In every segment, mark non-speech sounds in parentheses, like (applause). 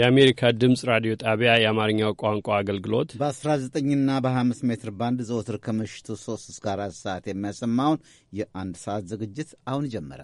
የአሜሪካ ድምፅ ራዲዮ ጣቢያ የአማርኛው ቋንቋ አገልግሎት በ19ና በ25 ሜትር ባንድ ዘወትር ከምሽቱ 3 እስከ 4 ሰዓት የሚያሰማውን የአንድ ሰዓት ዝግጅት አሁን ጀመረ።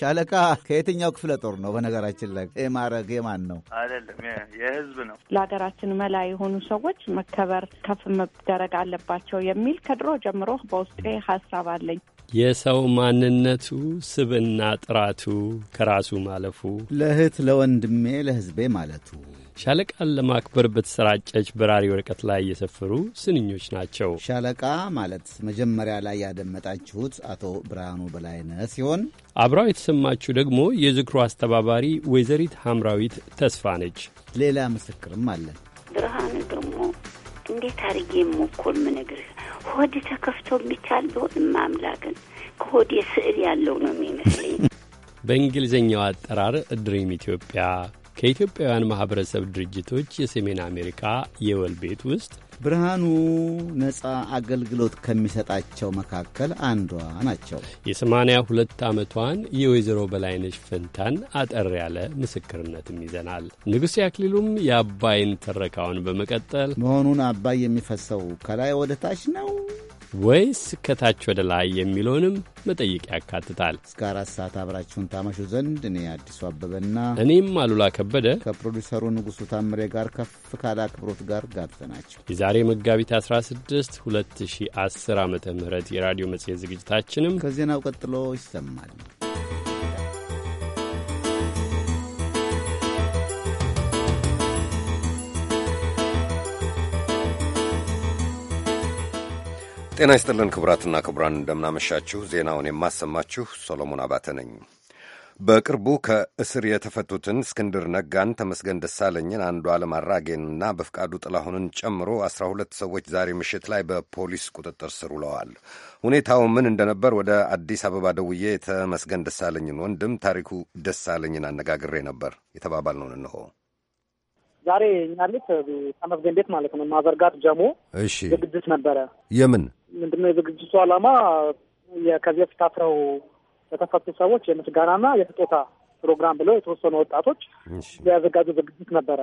ሻለቃ ከየትኛው ክፍለ ጦር ነው? በነገራችን ላይ ማዕረግ የማን ነው? አይደለም የህዝብ ነው። ለሀገራችን መላ የሆኑ ሰዎች መከበር ከፍ መደረግ አለባቸው የሚል ከድሮ ጀምሮ በውስጤ ሀሳብ አለኝ። የሰው ማንነቱ ስብና ጥራቱ ከራሱ ማለፉ ለእህት ለወንድሜ ለህዝቤ ማለቱ ሻለቃን ለማክበር በተሰራጨች በራሪ ወረቀት ላይ የሰፈሩ ስንኞች ናቸው። ሻለቃ ማለት መጀመሪያ ላይ ያደመጣችሁት አቶ ብርሃኑ በላይነ ሲሆን አብራው የተሰማችሁ ደግሞ የዝክሩ አስተባባሪ ወይዘሪት ሐምራዊት ተስፋ ነች። ሌላ ምስክርም አለን። ብርሃኑ ደግሞ እንዴት አርጌ የሞኮል ምነግርህ ሆድ ተከፍቶ የሚቻል ቢሆን አምላክን ከሆድ የስዕል ያለው ነው የሚመስለኝ። በእንግሊዝኛው አጠራር ድሪም ኢትዮጵያ ከኢትዮጵያውያን ማኅበረሰብ ድርጅቶች የሰሜን አሜሪካ የወል ቤት ውስጥ ብርሃኑ ነፃ አገልግሎት ከሚሰጣቸው መካከል አንዷ ናቸው። የሰማንያ ሁለት ዓመቷን የወይዘሮ በላይነሽ ፈንታን አጠር ያለ ምስክርነትም ይዘናል። ንጉሥ ያክሊሉም የአባይን ትረካውን በመቀጠል መሆኑን አባይ የሚፈሰው ከላይ ወደ ታች ነው ወይስ ከታች ወደ ላይ የሚለውንም መጠይቅ ያካትታል። እስከ አራት ሰዓት አብራችሁን ታመሹ ዘንድ እኔ አዲሱ አበበና እኔም አሉላ ከበደ ከፕሮዲውሰሩ ንጉሱ ታምሬ ጋር ከፍ ካለ አክብሮት ጋር ጋብዘናቸው የዛሬ መጋቢት 16 2010 ዓ ም የራዲዮ መጽሔት ዝግጅታችንም ከዜናው ቀጥሎ ይሰማል። ጤና ይስጥልን ክቡራትና ክቡራን፣ እንደምናመሻችሁ። ዜናውን የማሰማችሁ ሶሎሞን አባተ ነኝ። በቅርቡ ከእስር የተፈቱትን እስክንድር ነጋን፣ ተመስገን ደሳለኝን፣ አንዱ ዓለም አራጌንና በፍቃዱ ጥላሁንን ጨምሮ አስራ ሁለት ሰዎች ዛሬ ምሽት ላይ በፖሊስ ቁጥጥር ስር ውለዋል። ሁኔታው ምን እንደነበር ወደ አዲስ አበባ ደውዬ የተመስገን ደሳለኝን ወንድም ታሪኩ ደሳለኝን አነጋግሬ ነበር። የተባባልነውን እንሆ ዛሬ እኛሉት ጠመዝገኝ ቤት ማለት ነው ማዘርጋት ጀሞ እሺ ዝግጅት ነበረ። የምን ምንድነው የዝግጅቱ አላማ? ከዚህ በፊት ታስረው ለተፈቱ ሰዎች የምስጋናና የስጦታ ፕሮግራም ብለው የተወሰኑ ወጣቶች ያዘጋጁ ዝግጅት ነበረ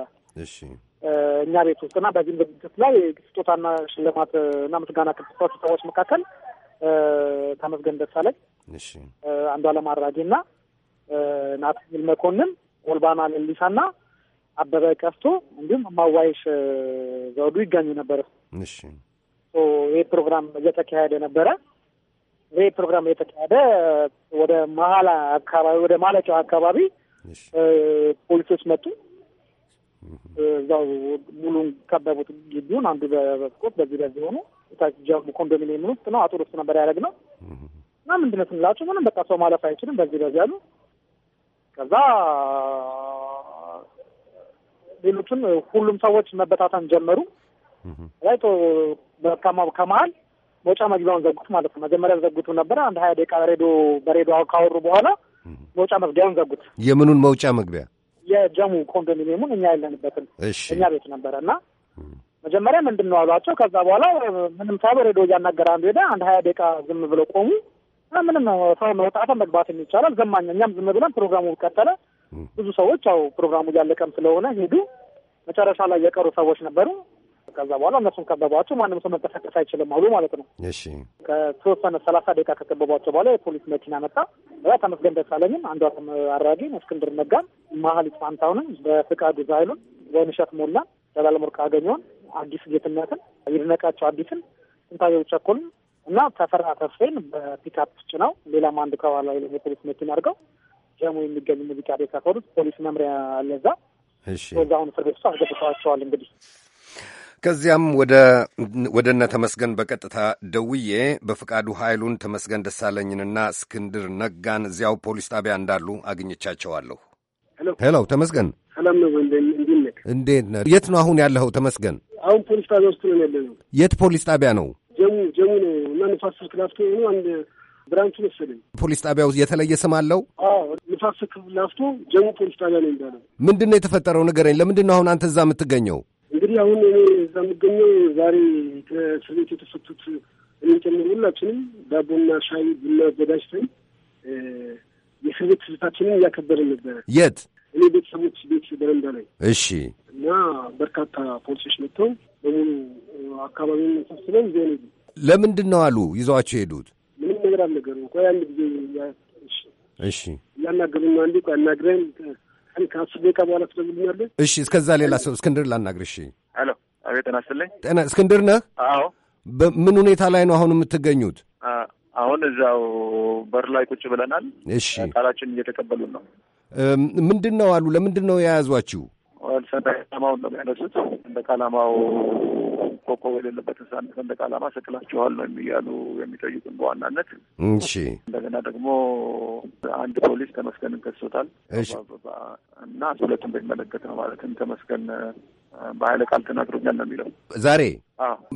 እኛ ቤት ውስጥ እና በዚህም ዝግጅት ላይ ስጦታና ሽልማት እና ምስጋና ከተሰጡ ሰዎች መካከል ተመስገን ደሳለኝ፣ አንዷለም አራጌ እና ናትናኤል መኮንን፣ ጎልባና ሌሊሳ እና አበበ ቀስቶ እንዲሁም ማዋይሽ ዘውዱ ይገኙ ነበረ። ይህ ፕሮግራም እየተካሄደ ነበረ። ይህ ፕሮግራም እየተካሄደ ወደ መሀል አካባቢ ወደ ማለቂያው አካባቢ ፖሊሶች መጡ። እዛው ሙሉን ከበቡት ግቢውን። አንዱ በበስኮት በዚህ በዚህ ሆኑ። ጃሙ ኮንዶሚኒየም ውስጥ ነው። አቶ ሩስ ነበር ነው እና ምንድነት ስንላቸው ምንም በቃ ሰው ማለፍ አይችልም በዚህ በዚህ አሉ። ከዛ ሌሎቹን ሁሉም ሰዎች መበታተን ጀመሩ። በካማ ከመሀል መውጫ መግቢያውን ዘጉት ማለት ነው። መጀመሪያ ዘጉቱ ነበረ። አንድ ሀያ ደቂቃ ሬዲዮ በሬዲዮ ካወሩ በኋላ መውጫ መግቢያውን ዘጉት። የምኑን መውጫ መግቢያ? የጀሙ ኮንዶሚኒየሙን እኛ የለንበትን እኛ ቤት ነበረ እና መጀመሪያ ምንድን ነው አሏቸው። ከዛ በኋላ ምንም ሳይሉ ሬዲዮ እያናገረ አንዱ ሄደ። አንድ ሀያ ደቂቃ ዝም ብለው ቆሙ። ምንም ሰው መውጣትን መግባት የሚቻላል ዘማኛ እኛም ዝም ብለን ፕሮግራሙ ቀጠለ። ብዙ ሰዎች ያው ፕሮግራሙ እያለቀም ስለሆነ ሄዱ። መጨረሻ ላይ የቀሩ ሰዎች ነበሩ። ከዛ በኋላ እነሱን ከበቧቸው። ማንም ሰው መንቀሳቀስ አይችልም አሉ ማለት ነው። እሺ ከተወሰነ ሰላሳ ደቂቃ ከከበቧቸው በኋላ የፖሊስ መኪና መጣ። ያ ተመስገን ደሳለኝን፣ አንዷ አራጊ እስክንድር ነጋን፣ መሀሊት ፋንታሁንን፣ በፍቃዱ ዛይሉን፣ ወይንሸት ሞላን፣ ዘላለም ወርቅ አገኘውን፣ አዲስ ጌትነትን፣ ይድነቃቸው አዲስን፣ ስንታየው ቸኮልን እና ተፈራ ተስፌን በፒካፕ ጭነው ሌላም አንድ ከኋላ የፖሊስ መኪና አድርገው ደግሞ የሚገኙ ሙዚቃ ቤት ያፈሩት ፖሊስ መምሪያ አለዛ ወዛሁን እስር ቤት ውስጥ አስገብተዋቸዋል። እንግዲህ ከዚያም ወደ እነ ተመስገን በቀጥታ ደውዬ በፍቃዱ ኃይሉን ተመስገን ደሳለኝንና እስክንድር ነጋን እዚያው ፖሊስ ጣቢያ እንዳሉ አግኝቻቸዋለሁ። ሄሎ ተመስገን፣ ሰላም ነው? እንዴት ነህ? የት ነው አሁን ያለኸው ተመስገን? አሁን ፖሊስ ጣቢያ ውስጥ ነው ያለ። ነው የት ፖሊስ ጣቢያ ነው? ጀሙ ጀሙ ነው እና ንፋስ ስልክ ላፍቶ አንድ ብራንቹ መሰለኝ ፖሊስ ጣቢያ የተለየ ስም አለው። ንፋስ ክፍል ላፍቶ ጀሙ ፖሊስ ጣቢያ ነው የሚባለው። ምንድን ነው የተፈጠረው ንገረኝ። ለምንድን ነው አሁን አንተ እዛ የምትገኘው? እንግዲህ አሁን እኔ እዛ የምገኘው ዛሬ ከእስር ቤት የተፈቱት እኔን ጨምሮ ሁላችንም ዳቦና ሻይ ቡና አዘጋጅተን የእስር ቤት እያከበርን ነበረ። የት እኔ ቤተሰቦች ቤት በረንዳ ላይ እሺ። እና በርካታ ፖሊሶች መጥተው በሙሉ አካባቢውን ሰብስበን ይዘው ነው ለምንድን ነው አሉ ይዘዋቸው የሄዱት ነገር አልነገሩም። ቆይ አንድ ጊዜ እሺ፣ እያናገሩን አንዴ ቆይ አናግረን ከአስር ደቂቃ በኋላ ትደውልልኛለህ። እሺ፣ እስከዛ ሌላ ሰው እስክንድር ላናግር። እሺ፣ ሄሎ፣ አቤት፣ ጤና ይስጥልኝ። ጤና እስክንድር ነህ? አዎ። በምን ሁኔታ ላይ ነው አሁን የምትገኙት? አሁን እዛው በር ላይ ቁጭ ብለናል። እሺ፣ ቃላችን እየተቀበሉን ነው። ምንድን ነው አሉ? ለምንድን ነው የያዟችሁ? ሰንደቅ ዓላማውን ነው የሚያነሱት። ሰንደቅ ዓላማው ኮከብ የሌለበትን ሳንድ ሰንደቅ ዓላማ ሰቅላችኋል ነው የሚያሉ የሚጠይቁን በዋናነት። እሺ እንደገና ደግሞ አንድ ፖሊስ ተመስገንን ከሶታል እና ሁለቱን በሚመለከት ነው ማለትም ተመስገን በኃይለ ቃል ተናግሮኛል ነው የሚለው። ዛሬ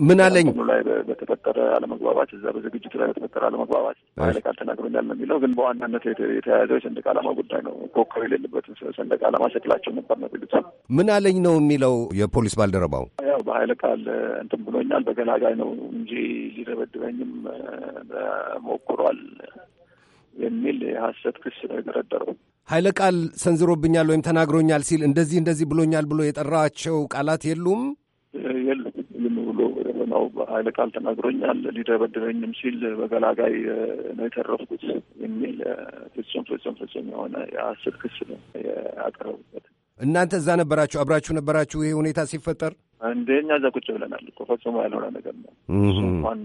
ምን አለኝ ላይ በተፈጠረ አለመግባባት እዛ በዝግጅቱ ላይ በተፈጠረ አለመግባባት በኃይለ ቃል ተናግሮኛል ነው የሚለው። ግን በዋናነት የተያያዘው የሰንደቅ ዓላማ ጉዳይ ነው። ኮከብ የሌለበትን ሰንደቅ ዓላማ ሸክላቸው ነበር ነው ሚሉት። ምን አለኝ ነው የሚለው የፖሊስ ባልደረባው። ያው በኃይለ ቃል እንትን ብሎኛል፣ በገላጋይ ነው እንጂ ሊደበድበኝም ሞክሯል የሚል የሀሰት ክስ ነው የደረደረው። ኃይለ ቃል ሰንዝሮብኛል ወይም ተናግሮኛል ሲል እንደዚህ እንደዚህ ብሎኛል ብሎ የጠራቸው ቃላት የሉም የሉም። ብሎ ነው ኃይለ ቃል ተናግሮኛል ሊደበድበኝም ሲል በገላጋይ ነው የተረፍኩት የሚል ፍጹም ፍጹም ፍጹም የሆነ የአስር ክስ ነው ያቀረቡበት። እናንተ እዛ ነበራችሁ? አብራችሁ ነበራችሁ? ይሄ ሁኔታ ሲፈጠር እንደ እኛ እዛ ቁጭ ብለናል እኮ ፈጽሞ ያልሆነ ነገር ነው። እንኳን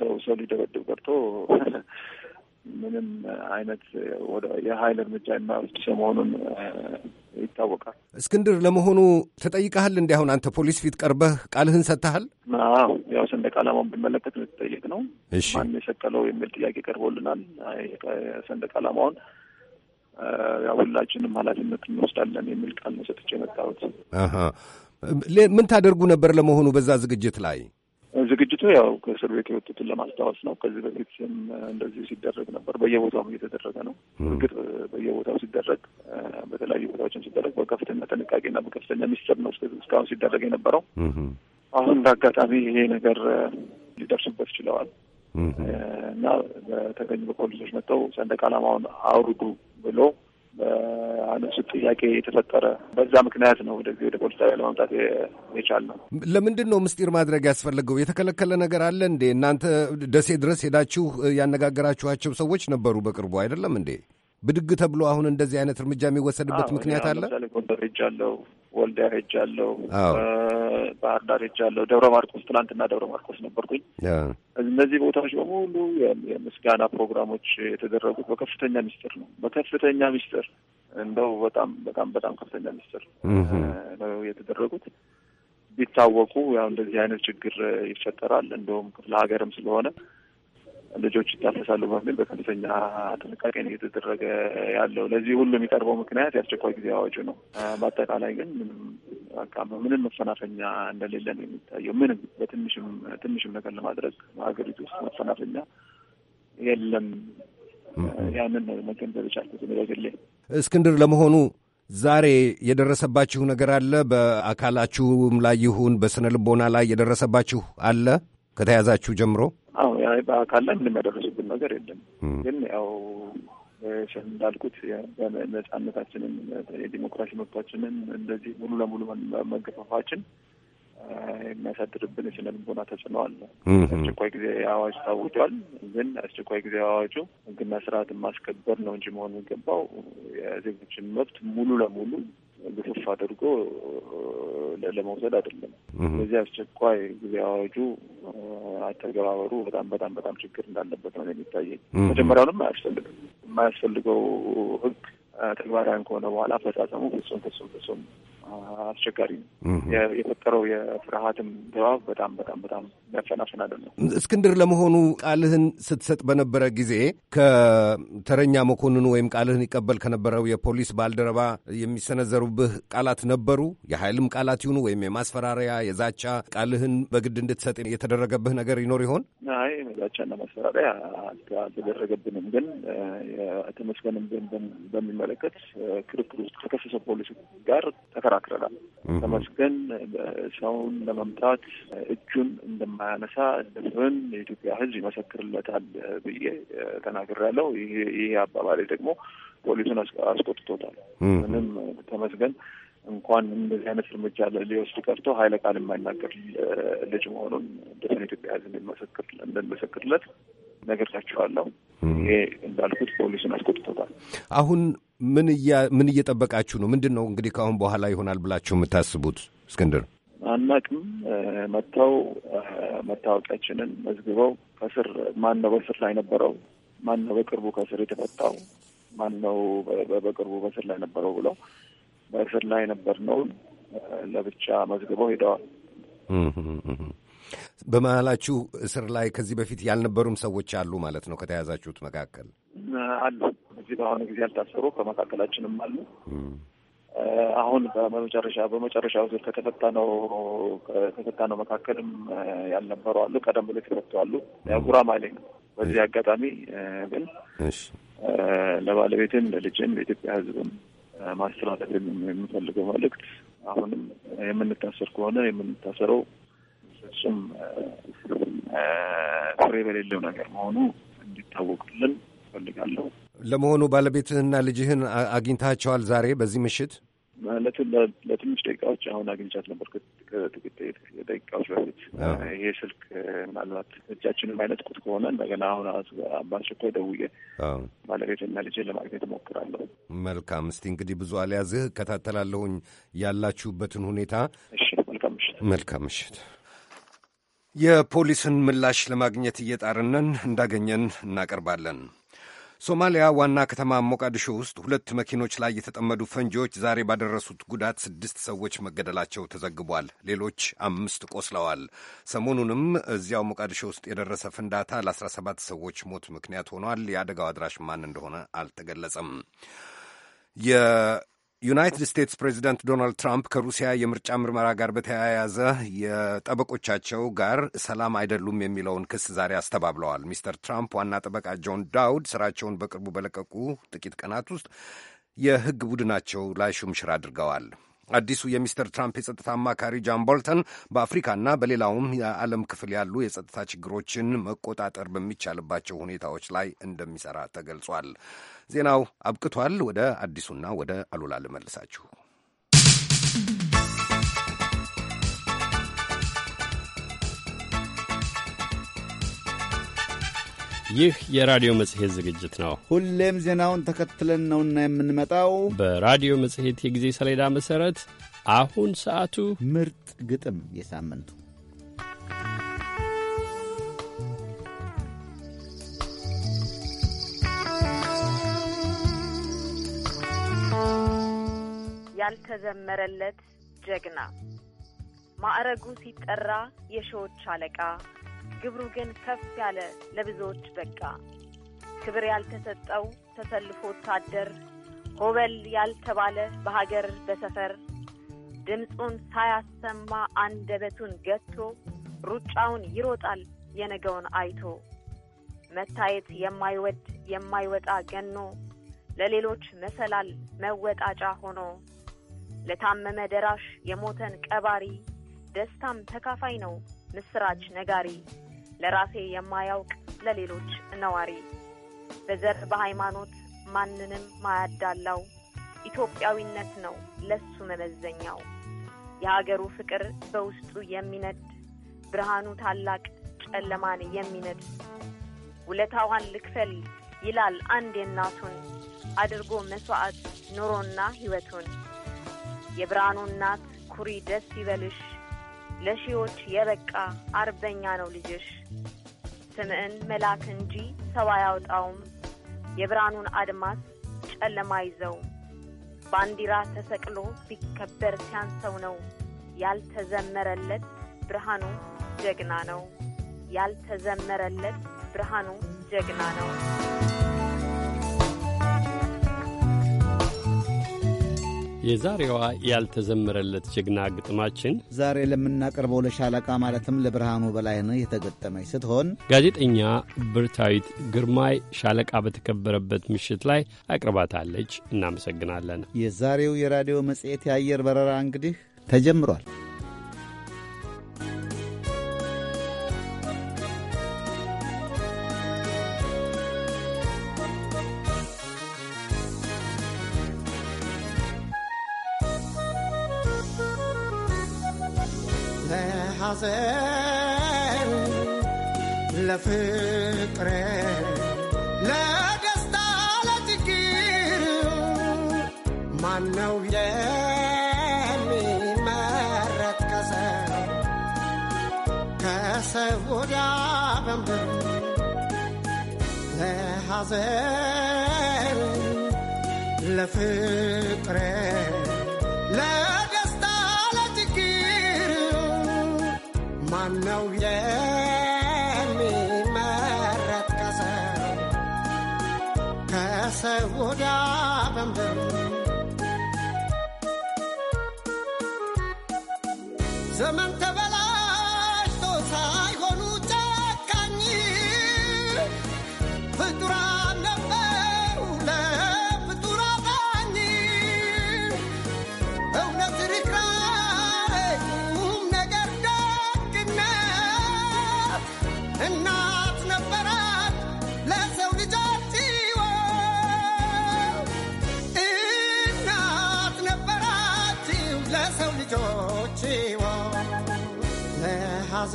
ሰው ሰው ሊደበድብ ቀርቶ ምንም አይነት የሀይል እርምጃ የማይወስድ መሆኑን ይታወቃል። እስክንድር፣ ለመሆኑ ተጠይቀሃል? እንዲ አሁን አንተ ፖሊስ ፊት ቀርበህ ቃልህን ሰጥተሃል? ያው ሰንደቅ ዓላማውን ብንመለከት የተጠየቅ ነው። ማን የሰቀለው የሚል ጥያቄ ቀርቦልናል። ሰንደቅ ዓላማውን ያው ሁላችንም ኃላፊነት እንወስዳለን የሚል ቃል ነው ሰጥቼ የመጣሁት። ምን ታደርጉ ነበር ለመሆኑ በዛ ዝግጅት ላይ? ዝግጅቱ ያው ከእስር ቤት የወጡትን ለማስታወስ ነው። ከዚህ በፊት እንደዚህ ሲደረግ ነበር። በየቦታውም እየተደረገ ነው። እርግጥ በየቦታው ሲደረግ፣ በተለያዩ ቦታዎችም ሲደረግ በከፍተኛ ጥንቃቄና በከፍተኛ ሚስጥር ነው እስካሁን ሲደረግ የነበረው። አሁን በአጋጣሚ ይሄ ነገር ሊደርሱበት ችለዋል እና በተገኙ በፖሊሶች መጥተው ሰንደቅ ዓላማውን አውርዱ ብሎ በዓለም ጥያቄ የተፈጠረ በዛ ምክንያት ነው ወደዚህ ወደ ፖሊስ ጣቢያ ለማምጣት የቻልነው። ለምንድን ነው ምስጢር ማድረግ ያስፈለገው? የተከለከለ ነገር አለ እንዴ? እናንተ ደሴ ድረስ ሄዳችሁ ያነጋገራችኋቸው ሰዎች ነበሩ በቅርቡ አይደለም እንዴ? ብድግ ተብሎ አሁን እንደዚህ አይነት እርምጃ የሚወሰድበት ምክንያት አለ? ለምሳሌ ጎንደር ሄጃለሁ፣ ወልዲያ ሄጃለሁ፣ ባህር ዳር ሄጃለሁ፣ ደብረ ማርቆስ ትናንትና ደብረ ማርቆስ ነበርኩኝ። እነዚህ ቦታዎች በሙሉ የምስጋና ፕሮግራሞች የተደረጉት በከፍተኛ ሚስጥር ነው። በከፍተኛ ሚስጥር እንደው በጣም በጣም በጣም ከፍተኛ ሚስጥር ነው የተደረጉት። ቢታወቁ ያው እንደዚህ አይነት ችግር ይፈጠራል። እንደውም ክፍለ ሀገርም ስለሆነ ልጆች ይታፈሳሉ በሚል በከፍተኛ ጥንቃቄ ነው እየተደረገ ያለው። ለዚህ ሁሉ የሚቀርበው ምክንያት የአስቸኳይ ጊዜ አዋጁ ነው። በአጠቃላይ ግን በቃ ምንም መፈናፈኛ እንደሌለ ነው የሚታየው። ምንም በትንሽም ትንሽም ነገር ለማድረግ ሀገሪቱ ውስጥ መፈናፈኛ የለም። ያንን ነው መገንዘብ የቻልኩት በግሌ። እስክንድር ለመሆኑ ዛሬ የደረሰባችሁ ነገር አለ? በአካላችሁም ላይ ይሁን በስነ ልቦና ላይ የደረሰባችሁ አለ ከተያዛችሁ ጀምሮ አሁ በአካል ላይ ምንም ያደረሱብን ነገር የለም። ግን ያው እንዳልኩት ነጻነታችንን የዲሞክራሲ መብታችንን እንደዚህ ሙሉ ለሙሉ መገፋፋችን የሚያሳድርብን የስነ ልቦና ተጽዕኖ አለ። አስቸኳይ ጊዜ አዋጅ ታውጇል። ግን አስቸኳይ ጊዜ አዋጁ ሕግና ስርዓትን ማስከበር ነው እንጂ መሆን የሚገባው የዜጎችን መብት ሙሉ ለሙሉ ግፍፍ አድርጎ ለመውሰድ አይደለም። በዚህ አስቸኳይ ጊዜ አዋጁ አተገባበሩ በጣም በጣም በጣም ችግር እንዳለበት ነው የሚታየኝ። መጀመሪያውንም አያስፈልግም። የማያስፈልገው ህግ ተግባራዊ ከሆነ በኋላ አፈጻጸሙ ፍጹም ፍጹም ፍጹም አስቸጋሪ ነው። የፈጠረው የፍርሃትም ድባብ በጣም በጣም በጣም ያፈናፍን ነው። እስክንድር፣ ለመሆኑ ቃልህን ስትሰጥ በነበረ ጊዜ ከተረኛ መኮንኑ ወይም ቃልህን ይቀበል ከነበረው የፖሊስ ባልደረባ የሚሰነዘሩብህ ቃላት ነበሩ? የኃይልም ቃላት ይሁኑ ወይም የማስፈራሪያ የዛቻ ቃልህን በግድ እንድትሰጥ የተደረገብህ ነገር ይኖር ይሆን? አይ ዛቻና ማስፈራሪያ አልተደረገብንም። ግን ተመስገንም በሚመ በሚመለከት ክርክር ውስጥ ከከሰሰ ፖሊስ ጋር ተከራክረናል። ተመስገን ሰውን ለመምታት እጁን እንደማያነሳ እንደምን የኢትዮጵያ ሕዝብ ይመሰክርለታል ብዬ ተናግሬያለሁ። ይሄ አባባሌ ደግሞ ፖሊሱን አስቆጥቶታል። ምንም ተመስገን እንኳን እንደዚህ አይነት እርምጃ ሊወስድ ቀርቶ ኃይለ ቃል የማይናገር ልጅ መሆኑን እንደሆነ ኢትዮጵያ ሕዝብ እንደሚመሰክርለት ነገርታችኋለሁ። ይሄ እንዳልኩት ፖሊሱን አስቆጥቶታል። አሁን ምን እየጠበቃችሁ ነው? ምንድን ነው እንግዲህ ከአሁን በኋላ ይሆናል ብላችሁ የምታስቡት? እስክንድር አናቅም። መጥተው መታወቂያችንን መዝግበው ከስር ማን ነው በስር ላይ ነበረው፣ ማን ነው በቅርቡ ከስር የተፈታው፣ ማን ነው በቅርቡ በስር ላይ ነበረው ብለው በስር ላይ ነበር ነው ለብቻ መዝግበው ሄደዋል። በመሀላችሁ እስር ላይ ከዚህ በፊት ያልነበሩም ሰዎች አሉ ማለት ነው ከተያዛችሁት መካከል? አሉ እዚህ በአሁኑ ጊዜ ያልታሰሩ ከመካከላችንም አሉ። አሁን በመጨረሻ በመጨረሻው ነው ከተፈታ ነው መካከልም ያልነበሩ አሉ። ቀደም ብሎ የተፈቱ አሉ። ያው ጉራማይሌ ነው። በዚህ አጋጣሚ ግን ለባለቤትም ለልጅም ለኢትዮጵያ ሕዝብም ማስተላለፍ የምፈልገው መልእክት አሁንም የምንታሰር ከሆነ የምንታሰረው ፍጹም ፍሬ በሌለው ነገር መሆኑ እንዲታወቅልን እፈልጋለሁ። ለመሆኑ ባለቤትህና ልጅህን አግኝታቸዋል? ዛሬ በዚህ ምሽት ለትንሽ ደቂቃዎች አሁን አግኝቻት ነበር፣ ደቂቃዎች በፊት። ይሄ ስልክ ምናልባት እጃችን ማይነጥቁት ከሆነ እንደገና አሁን በአስቸኳይ ደውዬ ባለቤትና ልጄን ለማግኘት እሞክራለሁ። መልካም። እስቲ እንግዲህ ብዙ አልያዝህ፣ እከታተላለሁኝ ያላችሁበትን ሁኔታ። እሺ፣ መልካም ምሽት። መልካም ምሽት። የፖሊስን ምላሽ ለማግኘት እየጣርነን እንዳገኘን እናቀርባለን። ሶማሊያ ዋና ከተማ ሞቃዲሾ ውስጥ ሁለት መኪኖች ላይ የተጠመዱ ፈንጂዎች ዛሬ ባደረሱት ጉዳት ስድስት ሰዎች መገደላቸው ተዘግቧል። ሌሎች አምስት ቆስለዋል። ሰሞኑንም እዚያው ሞቃዲሾ ውስጥ የደረሰ ፍንዳታ ለ17 ሰዎች ሞት ምክንያት ሆኗል። የአደጋው አድራሽ ማን እንደሆነ አልተገለጸም። ዩናይትድ ስቴትስ ፕሬዚደንት ዶናልድ ትራምፕ ከሩሲያ የምርጫ ምርመራ ጋር በተያያዘ የጠበቆቻቸው ጋር ሰላም አይደሉም የሚለውን ክስ ዛሬ አስተባብለዋል። ሚስተር ትራምፕ ዋና ጠበቃ ጆን ዳውድ ስራቸውን በቅርቡ በለቀቁ ጥቂት ቀናት ውስጥ የህግ ቡድናቸው ላይ ሹምሽር አድርገዋል። አዲሱ የሚስተር ትራምፕ የጸጥታ አማካሪ ጃን ቦልተን በአፍሪካና በሌላውም የዓለም ክፍል ያሉ የጸጥታ ችግሮችን መቆጣጠር በሚቻልባቸው ሁኔታዎች ላይ እንደሚሰራ ተገልጿል። ዜናው አብቅቷል። ወደ አዲሱና ወደ አሉላ ልመልሳችሁ። ይህ የራዲዮ መጽሔት ዝግጅት ነው። ሁሌም ዜናውን ተከትለን ነውና የምንመጣው። በራዲዮ መጽሔት የጊዜ ሰሌዳ መሠረት አሁን ሰዓቱ ምርጥ ግጥም የሳምንቱ ያልተዘመረለት ጀግና ማዕረጉ ሲጠራ የሺዎች አለቃ ግብሩ ግን ከፍ ያለ ለብዙዎች በቃ። ክብር ያልተሰጠው ተሰልፎ ወታደር ሆበል ያልተባለ በሀገር በሰፈር ድምፁን ሳያሰማ አንደበቱን ገቶ ሩጫውን ይሮጣል የነገውን አይቶ መታየት የማይወድ የማይወጣ ገኖ ለሌሎች መሰላል መወጣጫ ሆኖ ለታመመ ደራሽ የሞተን ቀባሪ ደስታም ተካፋይ ነው ምስራች ነጋሪ ለራሴ የማያውቅ ለሌሎች ነዋሪ በዘር በሃይማኖት ማንንም ማያዳላው ኢትዮጵያዊነት ነው ለሱ መመዘኛው። የሀገሩ ፍቅር በውስጡ የሚነድ ብርሃኑ ታላቅ ጨለማን የሚነድ ውለታዋን ልክፈል ይላል አንድ የናቱን አድርጎ መስዋዕት ኑሮና ሕይወቱን የብርሃኑ እናት ኩሪ ደስ ይበልሽ ለሺዎች የበቃ አርበኛ ነው ልጅሽ። ስምዕን መልአክ እንጂ ሰው አያውጣውም። የብርሃኑን አድማስ ጨለማ ይዘው ባንዲራ ተሰቅሎ ቢከበር ሲያንሰው ነው ያልተዘመረለት ብርሃኑ ጀግና ነው ያልተዘመረለት ብርሃኑ ጀግና ነው። የዛሬዋ ያልተዘመረለት ጀግና ግጥማችን ዛሬ ለምናቀርበው ለሻለቃ ማለትም ለብርሃኑ በላይነህ የተገጠመች ስትሆን ጋዜጠኛ ብርታዊት ግርማይ ሻለቃ በተከበረበት ምሽት ላይ አቅርባታለች። እናመሰግናለን። የዛሬው የራዲዮ መጽሔት የአየር በረራ እንግዲህ ተጀምሯል። Hacer la fe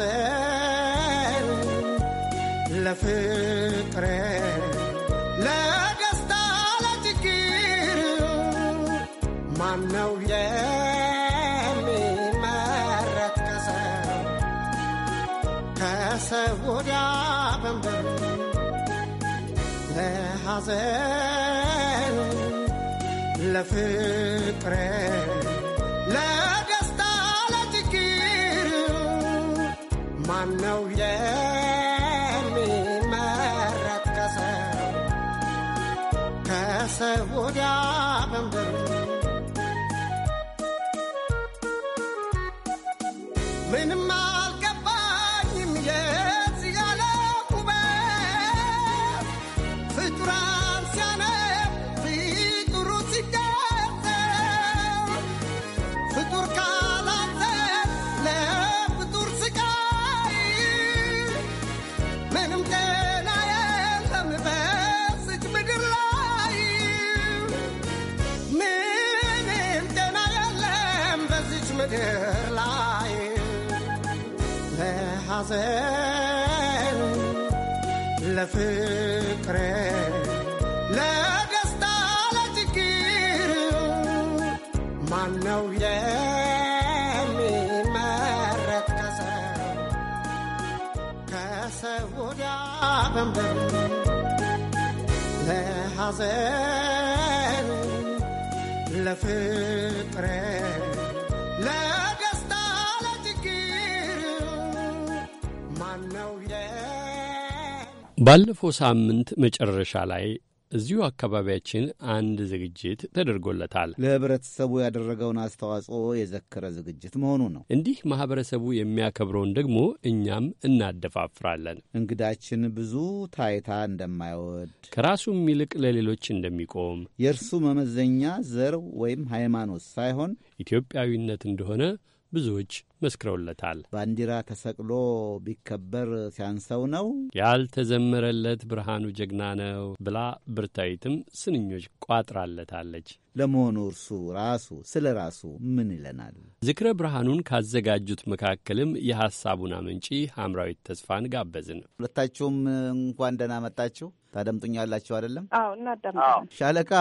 ለማሰብ ለፍቅር ለደስታ ለችግር ማነው የሚመረት ከሰው ከሰው ወዲያ በንበር ለሐዘን ለፍቅር I know, yeah. ለሐዘን ለፍቅር ለደስታ ለችግር ማነው የሚመረጥ ከሰው ከሰው ወዲያ በንበር ለሐዘን ለፍቅር ባለፈው ሳምንት መጨረሻ ላይ እዚሁ አካባቢያችን አንድ ዝግጅት ተደርጎለታል። ለህብረተሰቡ ያደረገውን አስተዋጽኦ የዘከረ ዝግጅት መሆኑ ነው። እንዲህ ማህበረሰቡ የሚያከብረውን ደግሞ እኛም እናደፋፍራለን። እንግዳችን ብዙ ታይታ እንደማይወድ ከራሱም ይልቅ ለሌሎች እንደሚቆም የእርሱ መመዘኛ ዘር ወይም ሃይማኖት ሳይሆን ኢትዮጵያዊነት እንደሆነ ብዙዎች መስክረውለታል። ባንዲራ ተሰቅሎ ቢከበር ሲያንሰው ነው ያልተዘመረለት ብርሃኑ ጀግና ነው ብላ ብርታዊትም ስንኞች ቋጥራለታለች። ለመሆኑ እርሱ ራሱ ስለ ራሱ ምን ይለናል? ዝክረ ብርሃኑን ካዘጋጁት መካከልም የሐሳቡን አመንጪ ሐምራዊት ተስፋን ጋበዝን። ሁለታችሁም እንኳን ደህና መጣችሁ። ታደምጡኛላችሁ አይደለም? አዎ፣ እናዳምጣለን። ሻለቃ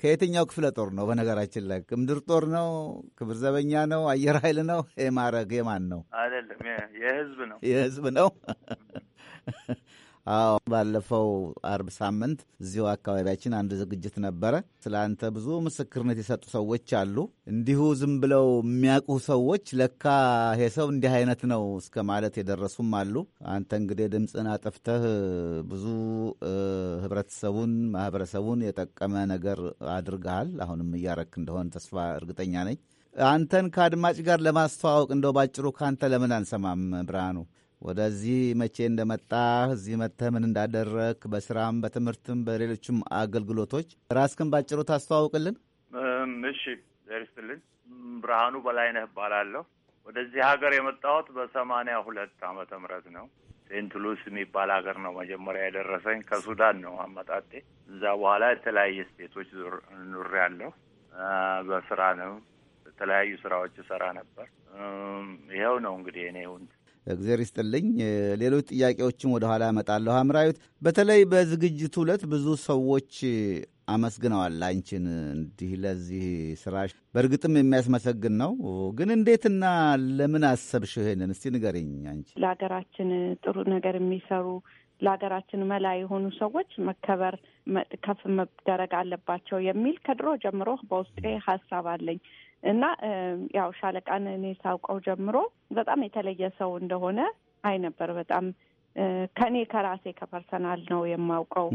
ከየትኛው ክፍለ ጦር ነው? በነገራችን ላይ ምድር ጦር ነው? ክብር ዘበኛ ነው? አየር ኃይል ነው? ኤማ ያረገ የማን ነው? አይደለም፣ የህዝብ ነው፣ የህዝብ ነው። (laughs) አዎ ባለፈው አርብ ሳምንት እዚሁ አካባቢያችን አንድ ዝግጅት ነበረ። ስለ አንተ ብዙ ምስክርነት የሰጡ ሰዎች አሉ። እንዲሁ ዝም ብለው የሚያውቁ ሰዎች ለካ ይሄ ሰው እንዲህ አይነት ነው እስከ ማለት የደረሱም አሉ። አንተ እንግዲህ ድምፅን አጠፍተህ ብዙ ህብረተሰቡን፣ ማህበረሰቡን የጠቀመ ነገር አድርገሃል። አሁንም እያረክ እንደሆን ተስፋ እርግጠኛ ነኝ። አንተን ከአድማጭ ጋር ለማስተዋወቅ እንደው ባጭሩ ከአንተ ለምን አንሰማም ብርሃኑ? ወደዚህ መቼ እንደመጣህ እዚህ መጥተህ ምን እንዳደረግ በስራም በትምህርትም በሌሎችም አገልግሎቶች ራስክን ባጭሩ ታስተዋውቅልን። እሺ፣ ርስትልን ብርሃኑ በላይነህ እባላለሁ። ወደዚህ ሀገር የመጣሁት በሰማንያ ሁለት ዓመተ ምህረት ነው። ሴንት የሚባል ሀገር ነው መጀመሪያ የደረሰኝ። ከሱዳን ነው አመጣጤ። እዛ በኋላ የተለያየ ስቴቶች ኑሬያለሁ። በስራ ነው የተለያዩ ስራዎች እሰራ ነበር። ይኸው ነው እንግዲህ እኔ ሁን እግዜር ይስጥልኝ። ሌሎች ጥያቄዎችን ኋላ እመጣለሁ። አምራዊት፣ በተለይ በዝግጅቱ ዕለት ብዙ ሰዎች አመስግነዋል አንቺን። እንዲህ ለዚህ ስራሽ በእርግጥም የሚያስመሰግን ነው። ግን እንዴትና ለምን አሰብሽ ይሄንን እስቲ ንገሪኝ። አንቺ ለሀገራችን ጥሩ ነገር የሚሰሩ ለሀገራችን መላ የሆኑ ሰዎች መከበር ከፍ መደረግ አለባቸው የሚል ከድሮ ጀምሮ በውስጤ ሀሳብ አለኝ። እና ያው ሻለቃን እኔ ሳውቀው ጀምሮ በጣም የተለየ ሰው እንደሆነ አይ ነበር። በጣም ከእኔ ከራሴ ከፐርሰናል ነው የማውቀው።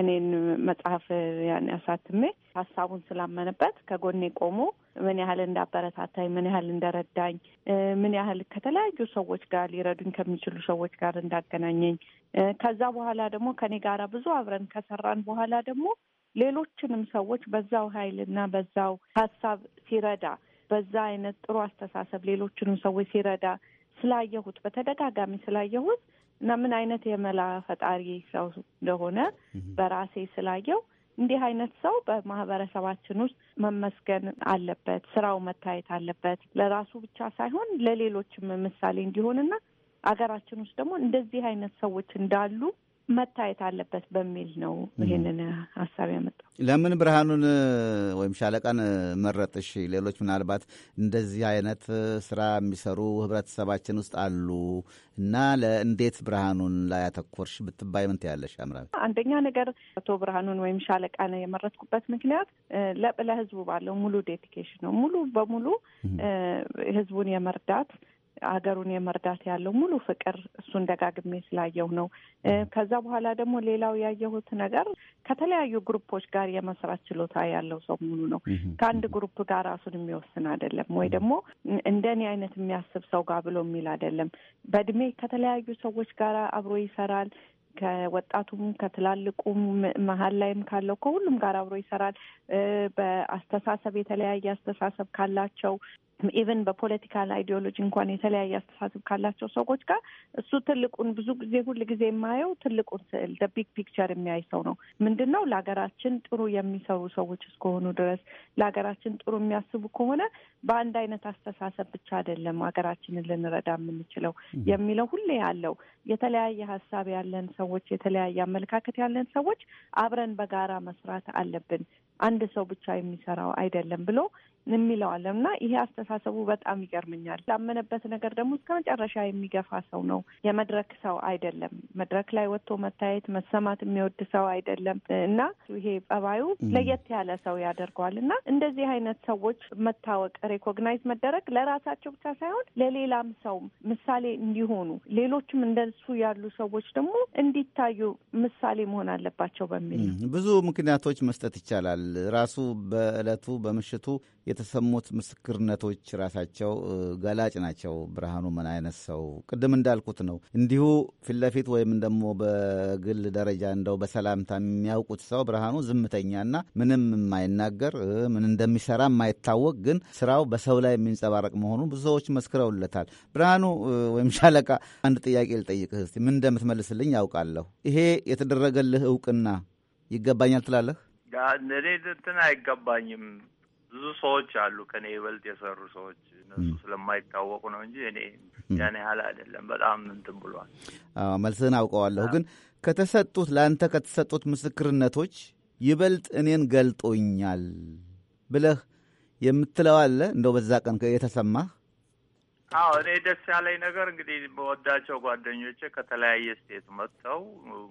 እኔን መጽሐፍ ያን ያሳትሜ ሀሳቡን ስላመነበት ከጎኔ ቆሞ ምን ያህል እንዳበረታታኝ፣ ምን ያህል እንደረዳኝ፣ ምን ያህል ከተለያዩ ሰዎች ጋር ሊረዱኝ ከሚችሉ ሰዎች ጋር እንዳገናኘኝ ከዛ በኋላ ደግሞ ከኔ ጋር ብዙ አብረን ከሰራን በኋላ ደግሞ ሌሎችንም ሰዎች በዛው ኃይልና በዛው ሀሳብ ሲረዳ በዛ አይነት ጥሩ አስተሳሰብ ሌሎችንም ሰዎች ሲረዳ ስላየሁት በተደጋጋሚ ስላየሁት እና ምን አይነት የመላ ፈጣሪ ሰው እንደሆነ በራሴ ስላየው እንዲህ አይነት ሰው በማህበረሰባችን ውስጥ መመስገን አለበት፣ ስራው መታየት አለበት፣ ለራሱ ብቻ ሳይሆን ለሌሎችም ምሳሌ እንዲሆንና አገራችን ውስጥ ደግሞ እንደዚህ አይነት ሰዎች እንዳሉ መታየት አለበት በሚል ነው ይህንን ሀሳብ ያመጣው። ለምን ብርሃኑን ወይም ሻለቃን መረጥሽ? ሌሎች ምናልባት እንደዚህ አይነት ስራ የሚሰሩ ህብረተሰባችን ውስጥ አሉ እና ለእንዴት ብርሃኑን ላይ ያተኮርሽ ብትባይ ምን ትያለሽ? አምራ፣ አንደኛ ነገር አቶ ብርሃኑን ወይም ሻለቃን የመረጥኩበት ምክንያት ለህዝቡ ባለው ሙሉ ዴዲኬሽን ነው። ሙሉ በሙሉ ህዝቡን የመርዳት ሀገሩን የመርዳት ያለው ሙሉ ፍቅር እሱን ደጋግሜ ስላየው ነው። ከዛ በኋላ ደግሞ ሌላው ያየሁት ነገር ከተለያዩ ግሩፖች ጋር የመስራት ችሎታ ያለው ሰው ሙሉ ነው። ከአንድ ግሩፕ ጋር ራሱን የሚወስን አይደለም፣ ወይ ደግሞ እንደኔ አይነት የሚያስብ ሰው ጋር ብሎ የሚል አይደለም። በእድሜ ከተለያዩ ሰዎች ጋር አብሮ ይሰራል። ከወጣቱም ከትላልቁም መሀል ላይም ካለው ከሁሉም ጋር አብሮ ይሰራል። በአስተሳሰብ የተለያየ አስተሳሰብ ካላቸው ኢቨን በፖለቲካል አይዲዮሎጂ እንኳን የተለያየ አስተሳሰብ ካላቸው ሰዎች ጋር እሱ ትልቁን ብዙ ጊዜ ሁል ጊዜ የማየው ትልቁን ስዕል ቢግ ፒክቸር የሚያይ ሰው ነው። ምንድን ነው ለሀገራችን ጥሩ የሚሰሩ ሰዎች እስከሆኑ ድረስ ለሀገራችን ጥሩ የሚያስቡ ከሆነ በአንድ አይነት አስተሳሰብ ብቻ አይደለም ሀገራችንን ልንረዳ የምንችለው የሚለው ሁሌ ያለው የተለያየ ሀሳብ ያለን ሰዎች፣ የተለያየ አመለካከት ያለን ሰዎች አብረን በጋራ መስራት አለብን አንድ ሰው ብቻ የሚሰራው አይደለም ብሎ የሚለዋል እና ይሄ አስተሳሰቡ በጣም ይገርምኛል። ላመነበት ነገር ደግሞ እስከ መጨረሻ የሚገፋ ሰው ነው። የመድረክ ሰው አይደለም። መድረክ ላይ ወጥቶ መታየት መሰማት የሚወድ ሰው አይደለም እና ይሄ ጸባዩ ለየት ያለ ሰው ያደርገዋል እና እንደዚህ አይነት ሰዎች መታወቅ፣ ሬኮግናይዝ መደረግ ለራሳቸው ብቻ ሳይሆን ለሌላም ሰው ምሳሌ እንዲሆኑ ሌሎችም እንደሱ ያሉ ሰዎች ደግሞ እንዲታዩ ምሳሌ መሆን አለባቸው በሚል ብዙ ምክንያቶች መስጠት ይቻላል። ራሱ በዕለቱ በምሽቱ የተሰሙት ምስክርነቶች ራሳቸው ገላጭ ናቸው። ብርሃኑ ምን አይነት ሰው ቅድም እንዳልኩት ነው። እንዲሁ ፊት ለፊት ወይም ደግሞ በግል ደረጃ እንደው በሰላምታ የሚያውቁት ሰው ብርሃኑ ዝምተኛና ምንም የማይናገር ምን እንደሚሰራ የማይታወቅ ግን ስራው በሰው ላይ የሚንጸባረቅ መሆኑን ብዙ ሰዎች መስክረውለታል። ብርሃኑ ወይም ሻለቃ አንድ ጥያቄ ልጠይቅህ እስቲ ምን እንደምትመልስልኝ ያውቃለሁ። ይሄ የተደረገልህ እውቅና ይገባኛል ትላለህ? እኔ እንትን አይገባኝም ብዙ ሰዎች አሉ ከኔ ይበልጥ የሰሩ ሰዎች እነሱ ስለማይታወቁ ነው እንጂ እኔ ያን ያህል አይደለም። በጣም እንትን ብሏል። መልስህን አውቀዋለሁ፣ ግን ከተሰጡት ለአንተ ከተሰጡት ምስክርነቶች ይበልጥ እኔን ገልጦኛል ብለህ የምትለው አለ እንደው በዛ ቀን የተሰማህ? አዎ እኔ ደስ ያለኝ ነገር እንግዲህ በወዳቸው ጓደኞቼ ከተለያየ ስቴት መጥተው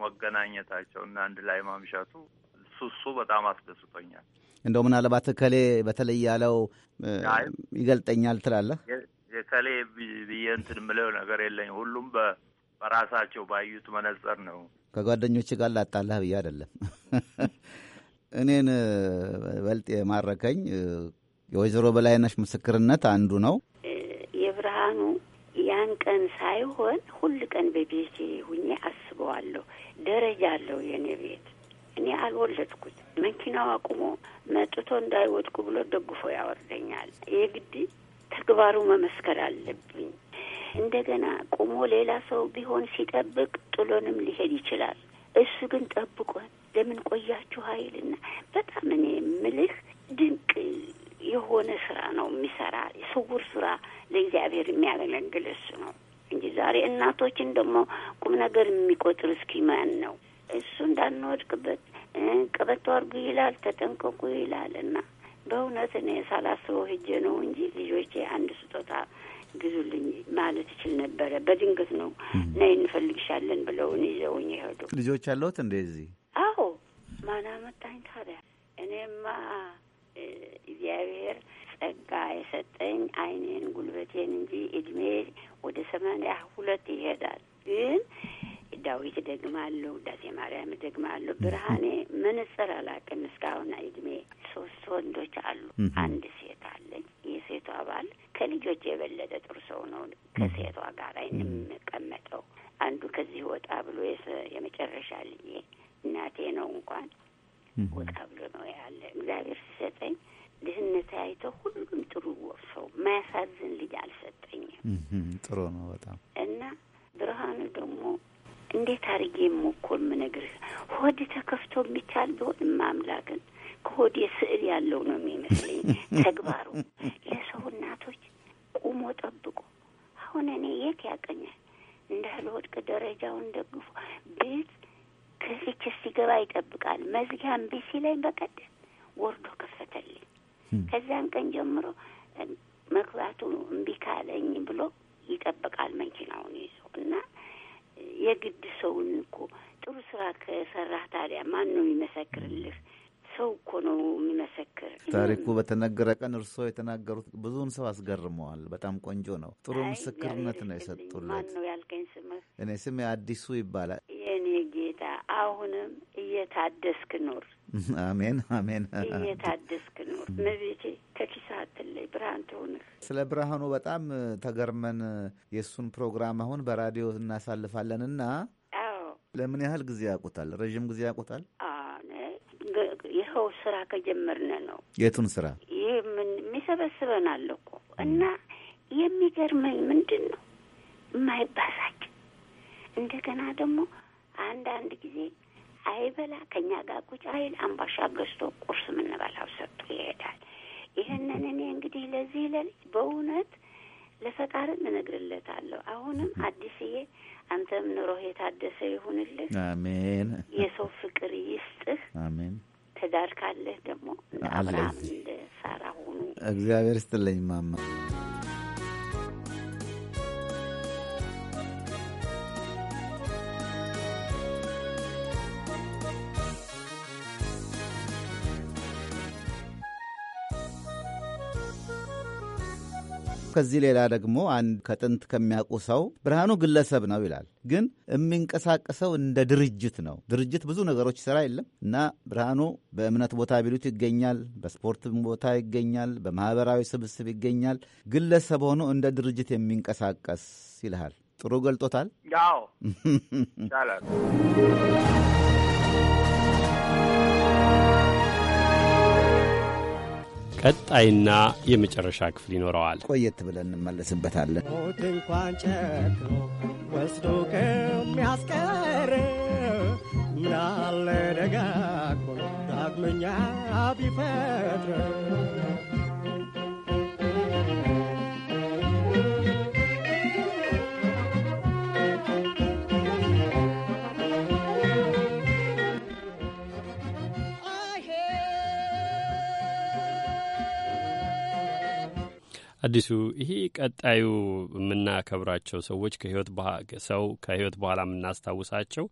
መገናኘታቸው እና አንድ ላይ ማምሸቱ እሱ እሱ በጣም አስደስቶኛል። እንደው ምናልባት እከሌ በተለይ ያለው ይገልጠኛል ትላለህ? የከሌ ብዬ እንትን ነገር የለኝ። ሁሉም በራሳቸው ባዩት መነጽር ነው። ከጓደኞች ጋር ላጣላህ ብዬ አይደለም። (laughs) እኔን በልጥ የማረከኝ የወይዘሮ በላይነሽ ምስክርነት አንዱ ነው። የብርሃኑ ያን ቀን ሳይሆን ሁል ቀን በቤቴ ሁኜ አስበዋለሁ። ደረጃ አለው የእኔ ቤት እኔ አልወለድኩት። መኪናው አቁሞ መጥቶ እንዳይወድቁ ብሎ ደግፎ ያወርደኛል። የግድ ተግባሩ መመስከር አለብኝ። እንደገና ቁሞ ሌላ ሰው ቢሆን ሲጠብቅ ጥሎንም ሊሄድ ይችላል። እሱ ግን ጠብቆን ለምን ቆያችሁ ኃይልና በጣም እኔ የምልህ ድንቅ የሆነ ስራ ነው የሚሰራ ስውር ስራ ለእግዚአብሔር የሚያገለግል እሱ ነው እንጂ ዛሬ እናቶችን ደግሞ ቁም ነገር የሚቆጥር እስኪ ማን ነው? እሱ እንዳንወድቅበት ቀበቶ አድርጉ ይላል፣ ተጠንቀቁ ይላል እና በእውነት እኔ ሳላስበው ሂጄ ነው እንጂ ልጆቼ አንድ ስጦታ ግዙልኝ ማለት ይችል ነበረ። በድንገት ነው ነይ እንፈልግሻለን ብለውን ይዘውኝ ይሄዱ። ልጆች ያለሁት እንደዚህ አዎ። ማን አመጣኝ ታዲያ? እኔማ እግዚአብሔር ጸጋ የሰጠኝ አይኔን ጉልበቴን እንጂ እድሜ ወደ ሰማንያ ሁለት ይሄዳል ግን ዳዊት ደግማለሁ፣ ውዳሴ ማርያም ደግማለሁ። ብርሃኔ መነጽር አላውቅም እስካሁን እድሜ። ሶስት ወንዶች አሉ፣ አንድ ሴት አለኝ። የሴቷ ባል ከልጆች የበለጠ ጥሩ ሰው ነው። ከሴቷ ጋር የምቀመጠው አንዱ ከዚህ ወጣ ብሎ የመጨረሻ ልጄ እናቴ ነው እንኳን ወጣ ብሎ ነው ያለ። እግዚአብሔር ሲሰጠኝ ድህነት አይቶ ሁሉም ጥሩ ሰው ማያሳዝን ልጅ አልሰጠኝም። ጥሩ ነው በጣም እንዴት አድርጌ የሞኮል ምነግርህ ሆድ ተከፍቶ የሚቻል ቢሆን ማምላክን ከሆድ ስዕል ያለው ነው የሚመስለኝ ተግባሩ ለሰው እናቶች ቁሞ ጠብቆ አሁን እኔ የት ያቀኛል እንዳልወድቅ ደረጃውን ደግፎ ቤት ከዚች ሲገባ ይጠብቃል። መዝጊያ እምቢ ሲለኝ በቀደም ወርዶ ከፈተልኝ። ከዚያን ቀን ጀምሮ በተነገረ ቀን እርስዎ የተናገሩት ብዙውን ሰው አስገርመዋል። በጣም ቆንጆ ነው። ጥሩ ምስክርነት ነው የሰጡለት። እኔ ስሜ አዲሱ ይባላል። የእኔ ጌታ አሁንም እየታደስክ ኖር። (laughs) አሜን አሜን። እየታደስክ ኖር። (laughs) መቤቴ ከኪሳት ላይ ብርሃን ትሆንህ። ስለ ብርሃኑ በጣም ተገርመን የእሱን ፕሮግራም አሁን በራዲዮ እናሳልፋለን እና ለምን ያህል ጊዜ ያውቁታል? ረዥም ጊዜ ያውቁታል? ይኸው ስራ ከጀመርነ የቱን ስራ ይህ አለ እኮ እና የሚገርመኝ ምንድን ነው የማይባሳጭ እንደገና ደግሞ አንዳንድ ጊዜ አይበላ ከኛ ጋር ቁጭ አይል አምባሻ ገዝቶ ቁርስ የምንበላው ሰጥቶ ይሄዳል። ይህንን እኔ እንግዲህ ለዚህ ለ በእውነት ለፈጣሪ እነግርለታለሁ አሁንም አዲስዬ አንተም ኑሮህ የታደሰ ይሁንልህ። አሜን። የሰው ፍቅር ይስጥህ። አሜን። ትዳር ደግሞ አብርሃም ሳራ ሆኑ። እግዚአብሔር ይስጥልኝ ማማ ከዚህ ሌላ ደግሞ አንድ ከጥንት ከሚያውቁ ሰው ብርሃኑ ግለሰብ ነው ይላል፣ ግን የሚንቀሳቀሰው እንደ ድርጅት ነው። ድርጅት ብዙ ነገሮች ይሰራ የለም እና ብርሃኑ በእምነት ቦታ ቢሉት ይገኛል፣ በስፖርት ቦታ ይገኛል፣ በማህበራዊ ስብስብ ይገኛል። ግለሰብ ሆኖ እንደ ድርጅት የሚንቀሳቀስ ይልሃል። ጥሩ ገልጦታል። ያው ይቻላል። ቀጣይና የመጨረሻ ክፍል ይኖረዋል። ቆየት ብለን እንመለስበታለን። ሞት እንኳን ጨክኖ ወስዶ ከሚያስቀር ምናለ ደጋግሞ ዳግመኛ ቢፈጥር አዲሱ ይሄ ቀጣዩ የምናከብራቸው ሰዎች ከህይወት ሰው ከህይወት በኋላ የምናስታውሳቸው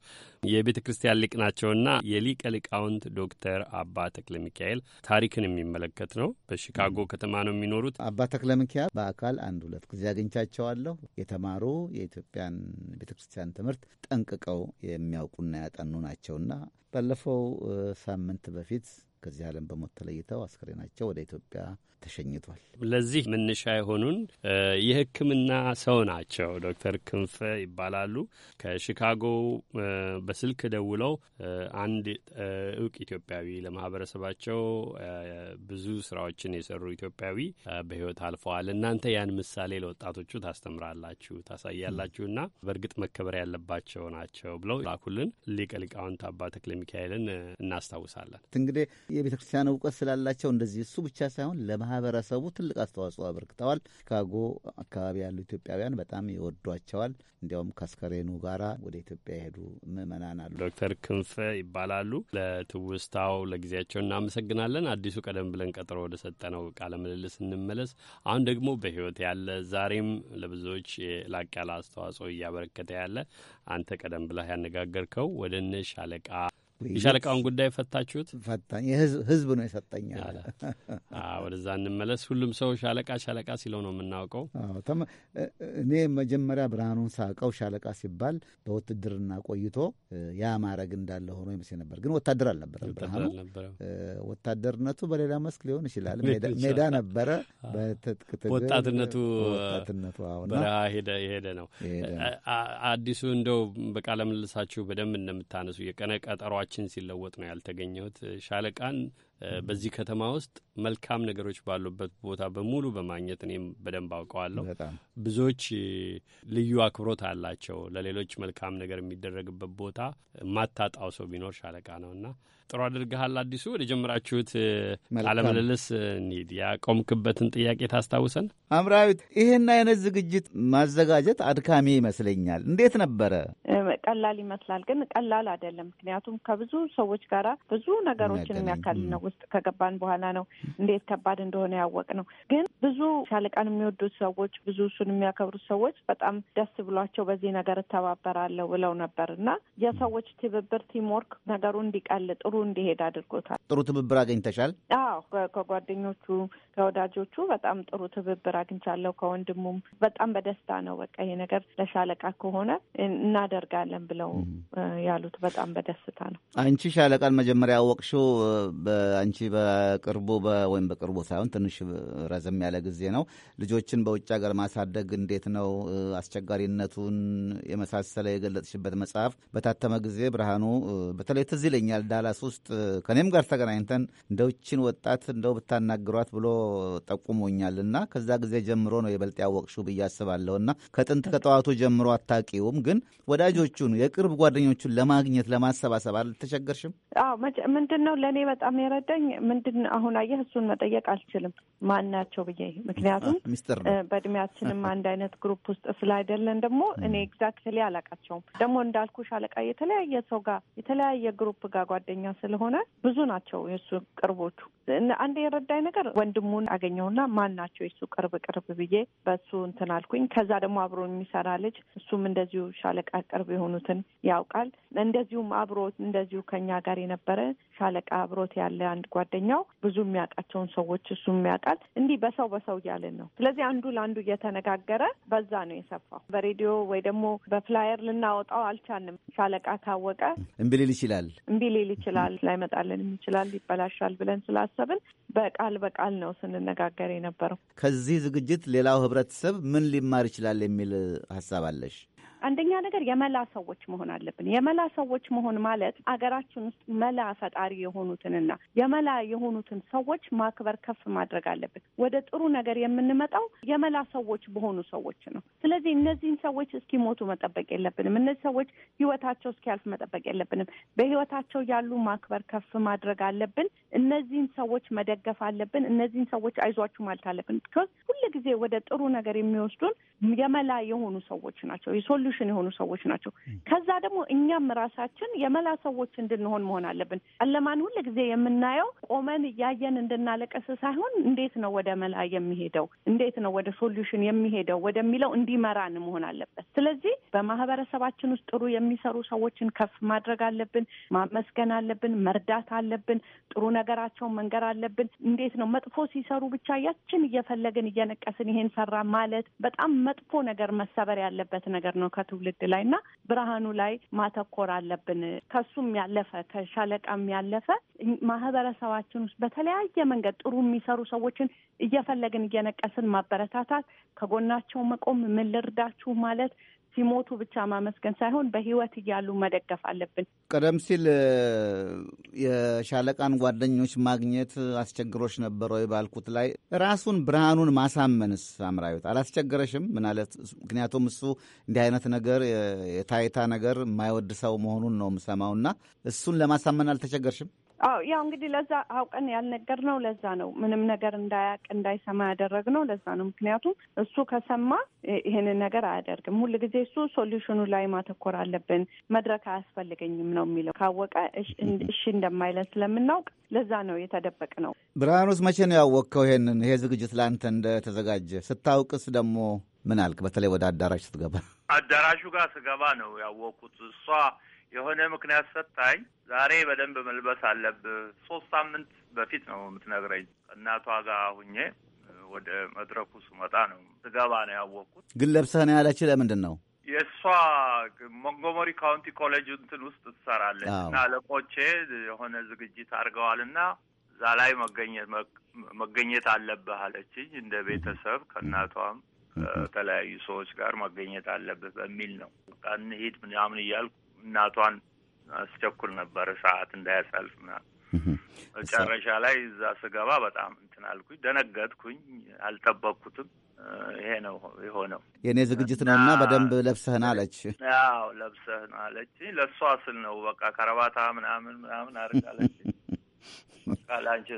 የቤተ ክርስቲያን ሊቅ ናቸውና የሊቀ ሊቃውንት ዶክተር አባ ተክለ ሚካኤል ታሪክን የሚመለከት ነው። በሺካጎ ከተማ ነው የሚኖሩት። አባ ተክለ ሚካኤል በአካል አንድ ሁለት ጊዜ አግኝቻቸዋለሁ። የተማሩ የኢትዮጵያን ቤተ ክርስቲያን ትምህርት ጠንቅቀው የሚያውቁና ያጠኑ ናቸውና ባለፈው ሳምንት በፊት ከዚህ ዓለም በሞት ተለይተው አስክሬናቸው ወደ ኢትዮጵያ ተሸኝቷል። ለዚህ መነሻ የሆኑን የሕክምና ሰው ናቸው ዶክተር ክንፈ ይባላሉ። ከሺካጎ በስልክ ደውለው አንድ እውቅ ኢትዮጵያዊ ለማህበረሰባቸው ብዙ ስራዎችን የሰሩ ኢትዮጵያዊ በህይወት አልፈዋል። እናንተ ያን ምሳሌ ለወጣቶቹ ታስተምራላችሁ፣ ታሳያላችሁና በእርግጥ መከበር ያለባቸው ናቸው ብለው ላኩልን። ሊቀ ሊቃውንት አባ ተክለ ሚካኤልን እናስታውሳለን። እንግዲህ የቤተ ክርስቲያን እውቀት ስላላቸው እንደዚህ እሱ ብቻ ሳይሆን ለማህበረሰቡ ትልቅ አስተዋጽኦ አበርክተዋል። ቺካጎ አካባቢ ያሉ ኢትዮጵያውያን በጣም ይወዷቸዋል። እንዲያውም ከስከሬኑ ጋራ ወደ ኢትዮጵያ የሄዱ ምእመናን አሉ። ዶክተር ክንፈ ይባላሉ። ለትውስታው ለጊዜያቸው እናመሰግናለን። አዲሱ ቀደም ብለን ቀጠሮ ወደ ሰጠነው ቃለ ምልልስ እንመለስ። አሁን ደግሞ በህይወት ያለ ዛሬም ለብዙዎች ላቅ ያለ አስተዋጽኦ እያበረከተ ያለ አንተ ቀደም ብለህ ያነጋገርከው ወደ እነ ሻለቃ የሻለቃውን ጉዳይ ፈታችሁት? ፈታኝ ህዝብ ነው የሰጠኛል። ወደዛ እንመለስ። ሁሉም ሰው ሻለቃ ሻለቃ ሲለው ነው የምናውቀው። እኔ መጀመሪያ ብርሃኑን ሳውቀው ሻለቃ ሲባል በውትድርና ቆይቶ ያ ማዕረግ እንዳለ ሆኖ ይመስል ነበር። ግን ወታደር አልነበረም ብርሃኑ። ወታደርነቱ በሌላ መስክ ሊሆን ይችላል። ሜዳ ነበረ በትጥቅ ትግል ወጣትነቱ ወጣትነቱ በረሃ የሄደ ነው። አዲሱ እንደው በቃለ ምልልሳችሁ በደንብ እንደምታነሱ የቀነ ቀጠሯ ስራዎችን ሲለወጥ ነው ያልተገኘሁት። ሻለቃን በዚህ ከተማ ውስጥ መልካም ነገሮች ባሉበት ቦታ በሙሉ በማግኘት እኔም በደንብ አውቀዋለሁ። ብዙዎች ልዩ አክብሮት አላቸው ለሌሎች መልካም ነገር የሚደረግበት ቦታ ማታጣው ሰው ቢኖር ሻለቃ ነው እና ጥሩ አድርገሃል። አዲሱ ወደ ጀምራችሁት አለመለለስ እንሂድ። ያቆምክበትን ጥያቄ ታስታውሰን አምራዊት። ይህን አይነት ዝግጅት ማዘጋጀት አድካሚ ይመስለኛል። እንዴት ነበረ? ቀላል ይመስላል፣ ግን ቀላል አይደለም። ምክንያቱም ከብዙ ሰዎች ጋራ ብዙ ነገሮችን የሚያካልነው ውስጥ ከገባን በኋላ ነው እንዴት ከባድ እንደሆነ ያወቅ ነው። ግን ብዙ ሻለቃን የሚወዱት ሰዎች፣ ብዙ እሱን የሚያከብሩት ሰዎች በጣም ደስ ብሏቸው በዚህ ነገር እተባበራለሁ ብለው ነበር እና የሰዎች ትብብር ቲምወርክ ነገሩ እንዲቀል ጥሩ እንዲሄድ አድርጎታል። ጥሩ ትብብር አግኝተሻል? አዎ፣ ከጓደኞቹ ከወዳጆቹ በጣም ጥሩ ትብብር አግኝቻለሁ። ከወንድሙም በጣም በደስታ ነው። በቃ ይሄ ነገር ለሻለቃ ከሆነ እናደርጋለን ብለው ያሉት በጣም በደስታ ነው። አንቺ ሻለቃን መጀመሪያ አወቅሽው በአንቺ በቅርቡ ወይም በቅርቡ ሳይሆን ትንሽ ረዘም ያለ ጊዜ ነው። ልጆችን በውጭ ሀገር ማሳደግ እንዴት ነው አስቸጋሪነቱን የመሳሰለ የገለጽሽበት መጽሐፍ በታተመ ጊዜ ብርሃኑ በተለይ ትዝ ይለኛል ዳላስ ውስጥ ከኔም ጋር ተገናኝተን እንደውችን ወጣት እንደው ብታናግሯት ብሎ ጠቁሞኛል እና ከዛ ጊዜ ጀምሮ ነው የበልጥ ያወቅሽው ብዬ አስባለሁ እና ከጥንት ከጠዋቱ ጀምሮ አታውቂውም፣ ግን ወዳጆቹን የቅርብ ጓደኞቹን ለማግኘት ለማሰባሰብ አልተቸገርሽም? አዎ ምንድን ነው ለእኔ በጣም የረዳኝ ምንድን አሁን አየህ እሱን መጠየቅ አልችልም ማን ናቸው ብዬ ምክንያቱም በእድሜያችንም (laughs) አንድ አይነት ግሩፕ ውስጥ ስላይደለን ደግሞ እኔ ኤግዛክትሊ አላውቃቸውም። ደግሞ እንዳልኩሽ አለቃ የተለያየ ሰው ጋር የተለያየ ግሩፕ ጋር ጓደኛ ስለሆነ ብዙ ናቸው ናቸው የእሱ ቅርቦቹ። አንድ የረዳኝ ነገር ወንድሙን አገኘውና ማን ናቸው የእሱ ቅርብ ቅርብ ብዬ በእሱ እንትን አልኩኝ። ከዛ ደግሞ አብሮ የሚሰራ ልጅ እሱም እንደዚሁ ሻለቃ ቅርብ የሆኑትን ያውቃል። እንደዚሁም አብሮ እንደዚሁ ከኛ ጋር የነበረ ሻለቃ አብሮት ያለ አንድ ጓደኛው ብዙ የሚያውቃቸውን ሰዎች እሱም ያውቃል። እንዲህ በሰው በሰው እያለን ነው። ስለዚህ አንዱ ለአንዱ እየተነጋገረ በዛ ነው የሰፋው። በሬዲዮ ወይ ደግሞ በፍላየር ልናወጣው አልቻንም። ሻለቃ ካወቀ እምቢ ሊል ይችላል፣ እምቢ ሊል ይችላል፣ ላይመጣልን የሚችላል ይችላል ይበላሻል ብለን ስላሰብን በቃል በቃል ነው ስንነጋገር የነበረው። ከዚህ ዝግጅት ሌላው ህብረተሰብ ምን ሊማር ይችላል የሚል ሀሳብ አለሽ? አንደኛ ነገር የመላ ሰዎች መሆን አለብን። የመላ ሰዎች መሆን ማለት አገራችን ውስጥ መላ ፈጣሪ የሆኑትንና የመላ የሆኑትን ሰዎች ማክበር፣ ከፍ ማድረግ አለብን። ወደ ጥሩ ነገር የምንመጣው የመላ ሰዎች በሆኑ ሰዎች ነው። ስለዚህ እነዚህን ሰዎች እስኪሞቱ መጠበቅ የለብንም። እነዚህ ሰዎች ህይወታቸው እስኪያልፍ መጠበቅ የለብንም። በህይወታቸው ያሉ ማክበር፣ ከፍ ማድረግ አለብን። እነዚህን ሰዎች መደገፍ አለብን። እነዚህን ሰዎች አይዟችሁ ማለት አለብን። ቢኮዝ ጊዜ ወደ ጥሩ ነገር የሚወስዱን የመላ የሆኑ ሰዎች ናቸው። የሶሉ ሶሉሽን የሆኑ ሰዎች ናቸው። ከዛ ደግሞ እኛም ራሳችን የመላ ሰዎች እንድንሆን መሆን አለብን። ጨለማን ሁል ጊዜ የምናየው ቆመን እያየን እንድናለቀስ ሳይሆን እንዴት ነው ወደ መላ የሚሄደው፣ እንዴት ነው ወደ ሶሉሽን የሚሄደው ወደሚለው እንዲመራን መሆን አለበት። ስለዚህ በማህበረሰባችን ውስጥ ጥሩ የሚሰሩ ሰዎችን ከፍ ማድረግ አለብን፣ ማመስገን አለብን፣ መርዳት አለብን፣ ጥሩ ነገራቸውን መንገር አለብን። እንዴት ነው መጥፎ ሲሰሩ ብቻ ያችን እየፈለግን እየነቀስን ይሄን ሰራ ማለት በጣም መጥፎ ነገር መሰበር ያለበት ነገር ነው። ትውልድ ላይ እና ብርሃኑ ላይ ማተኮር አለብን። ከሱም ያለፈ ከሻለቃም ያለፈ ማህበረሰባችን ውስጥ በተለያየ መንገድ ጥሩ የሚሰሩ ሰዎችን እየፈለግን እየነቀስን ማበረታታት፣ ከጎናቸው መቆም፣ ምን ልርዳችሁ ማለት ሲሞቱ ብቻ ማመስገን ሳይሆን በህይወት እያሉ መደገፍ አለብን። ቀደም ሲል የሻለቃን ጓደኞች ማግኘት አስቸግሮች ነበረ ወይ ባልኩት ላይ ራሱን ብርሃኑን ማሳመንስ አምራዊት አላስቸገረሽም? ምናለት ምክንያቱም እሱ እንዲህ አይነት ነገር የታይታ ነገር የማይወድ ሰው መሆኑን ነው እና እሱን ለማሳመን አልተቸገርሽም? አዎ ያው እንግዲህ ለዛ አውቀን ያልነገርነው ለዛ ነው። ምንም ነገር እንዳያውቅ እንዳይሰማ ያደረግነው ለዛ ነው። ምክንያቱም እሱ ከሰማ ይህንን ነገር አያደርግም። ሁል ጊዜ እሱ ሶሉሽኑ ላይ ማተኮር አለብን፣ መድረክ አያስፈልገኝም ነው የሚለው። ካወቀ እሺ እንደማይለን ስለምናውቅ ለዛ ነው የተደበቅ ነው። ብርሃኑስ መቼ ነው ያወቅከው ይሄንን? ይሄ ዝግጅት ለአንተ እንደተዘጋጀ ስታውቅስ ደግሞ ምን አልክ? በተለይ ወደ አዳራሽ ስትገባ። አዳራሹ ጋር ስገባ ነው ያወቅኩት እሷ የሆነ ምክንያት ሰጣኝ። ዛሬ በደንብ መልበስ አለብህ። ሶስት ሳምንት በፊት ነው የምትነግረኝ። እናቷ ጋር ሁኜ ወደ መድረኩ ስመጣ ነው ስገባ ነው ያወቅኩት። ግን ለብሰህ ነው ያለች። ለምንድን ነው የእሷ ሞንጎመሪ ካውንቲ ኮሌጅ እንትን ውስጥ ትሰራለች እና አለቆቼ የሆነ ዝግጅት አድርገዋል እና እዛ ላይ መገኘት መገኘት አለብህ አለችኝ። እንደ ቤተሰብ ከእናቷም ከተለያዩ ሰዎች ጋር መገኘት አለብህ በሚል ነው እንሂድ ምናምን እያልኩ እናቷን አስቸኩል ነበር ሰዓት እንዳያሳልፍ ምናምን። መጨረሻ ላይ እዛ ስገባ በጣም እንትን አልኩኝ፣ ደነገጥኩኝ። አልጠበቅኩትም። ይሄ ነው የሆነው። የእኔ ዝግጅት ነው እና በደንብ ለብሰህን አለች። ያው ለብሰህን አለች። ለእሷ ስል ነው በቃ ከረባታ ምናምን ምናምን አድርጋለች። በቃ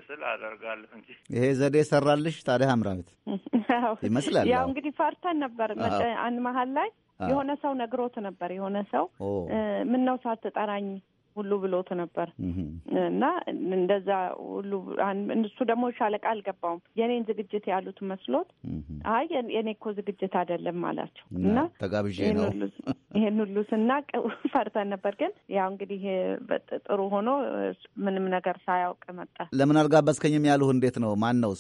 ስል አደርጋለሁ እንጂ ይሄ ዘዴ ሰራልሽ ታዲያ አምራዊት ይመስላል። ያው እንግዲህ ፈርተን ነበር አንድ መሀል ላይ የሆነ ሰው ነግሮት ነበር። የሆነ ሰው ምን ነው ሳትጠራኝ ሁሉ ብሎት ነበር እና እንደዛ ሁሉ እሱ ደግሞ ሻለቃ አልገባውም። የኔን ዝግጅት ያሉት መስሎት አይ የኔ እኮ ዝግጅት አይደለም አላቸው እና ተጋብዤ ነው ይሄን ሁሉ ስናቅ (laughs) ፈርተን ነበር። ግን ያው እንግዲህ ጥሩ ሆኖ ምንም ነገር ሳያውቅ መጣ። ለምን አልጋበዝከኝም ያሉህ እንዴት ነው? ማን ነው?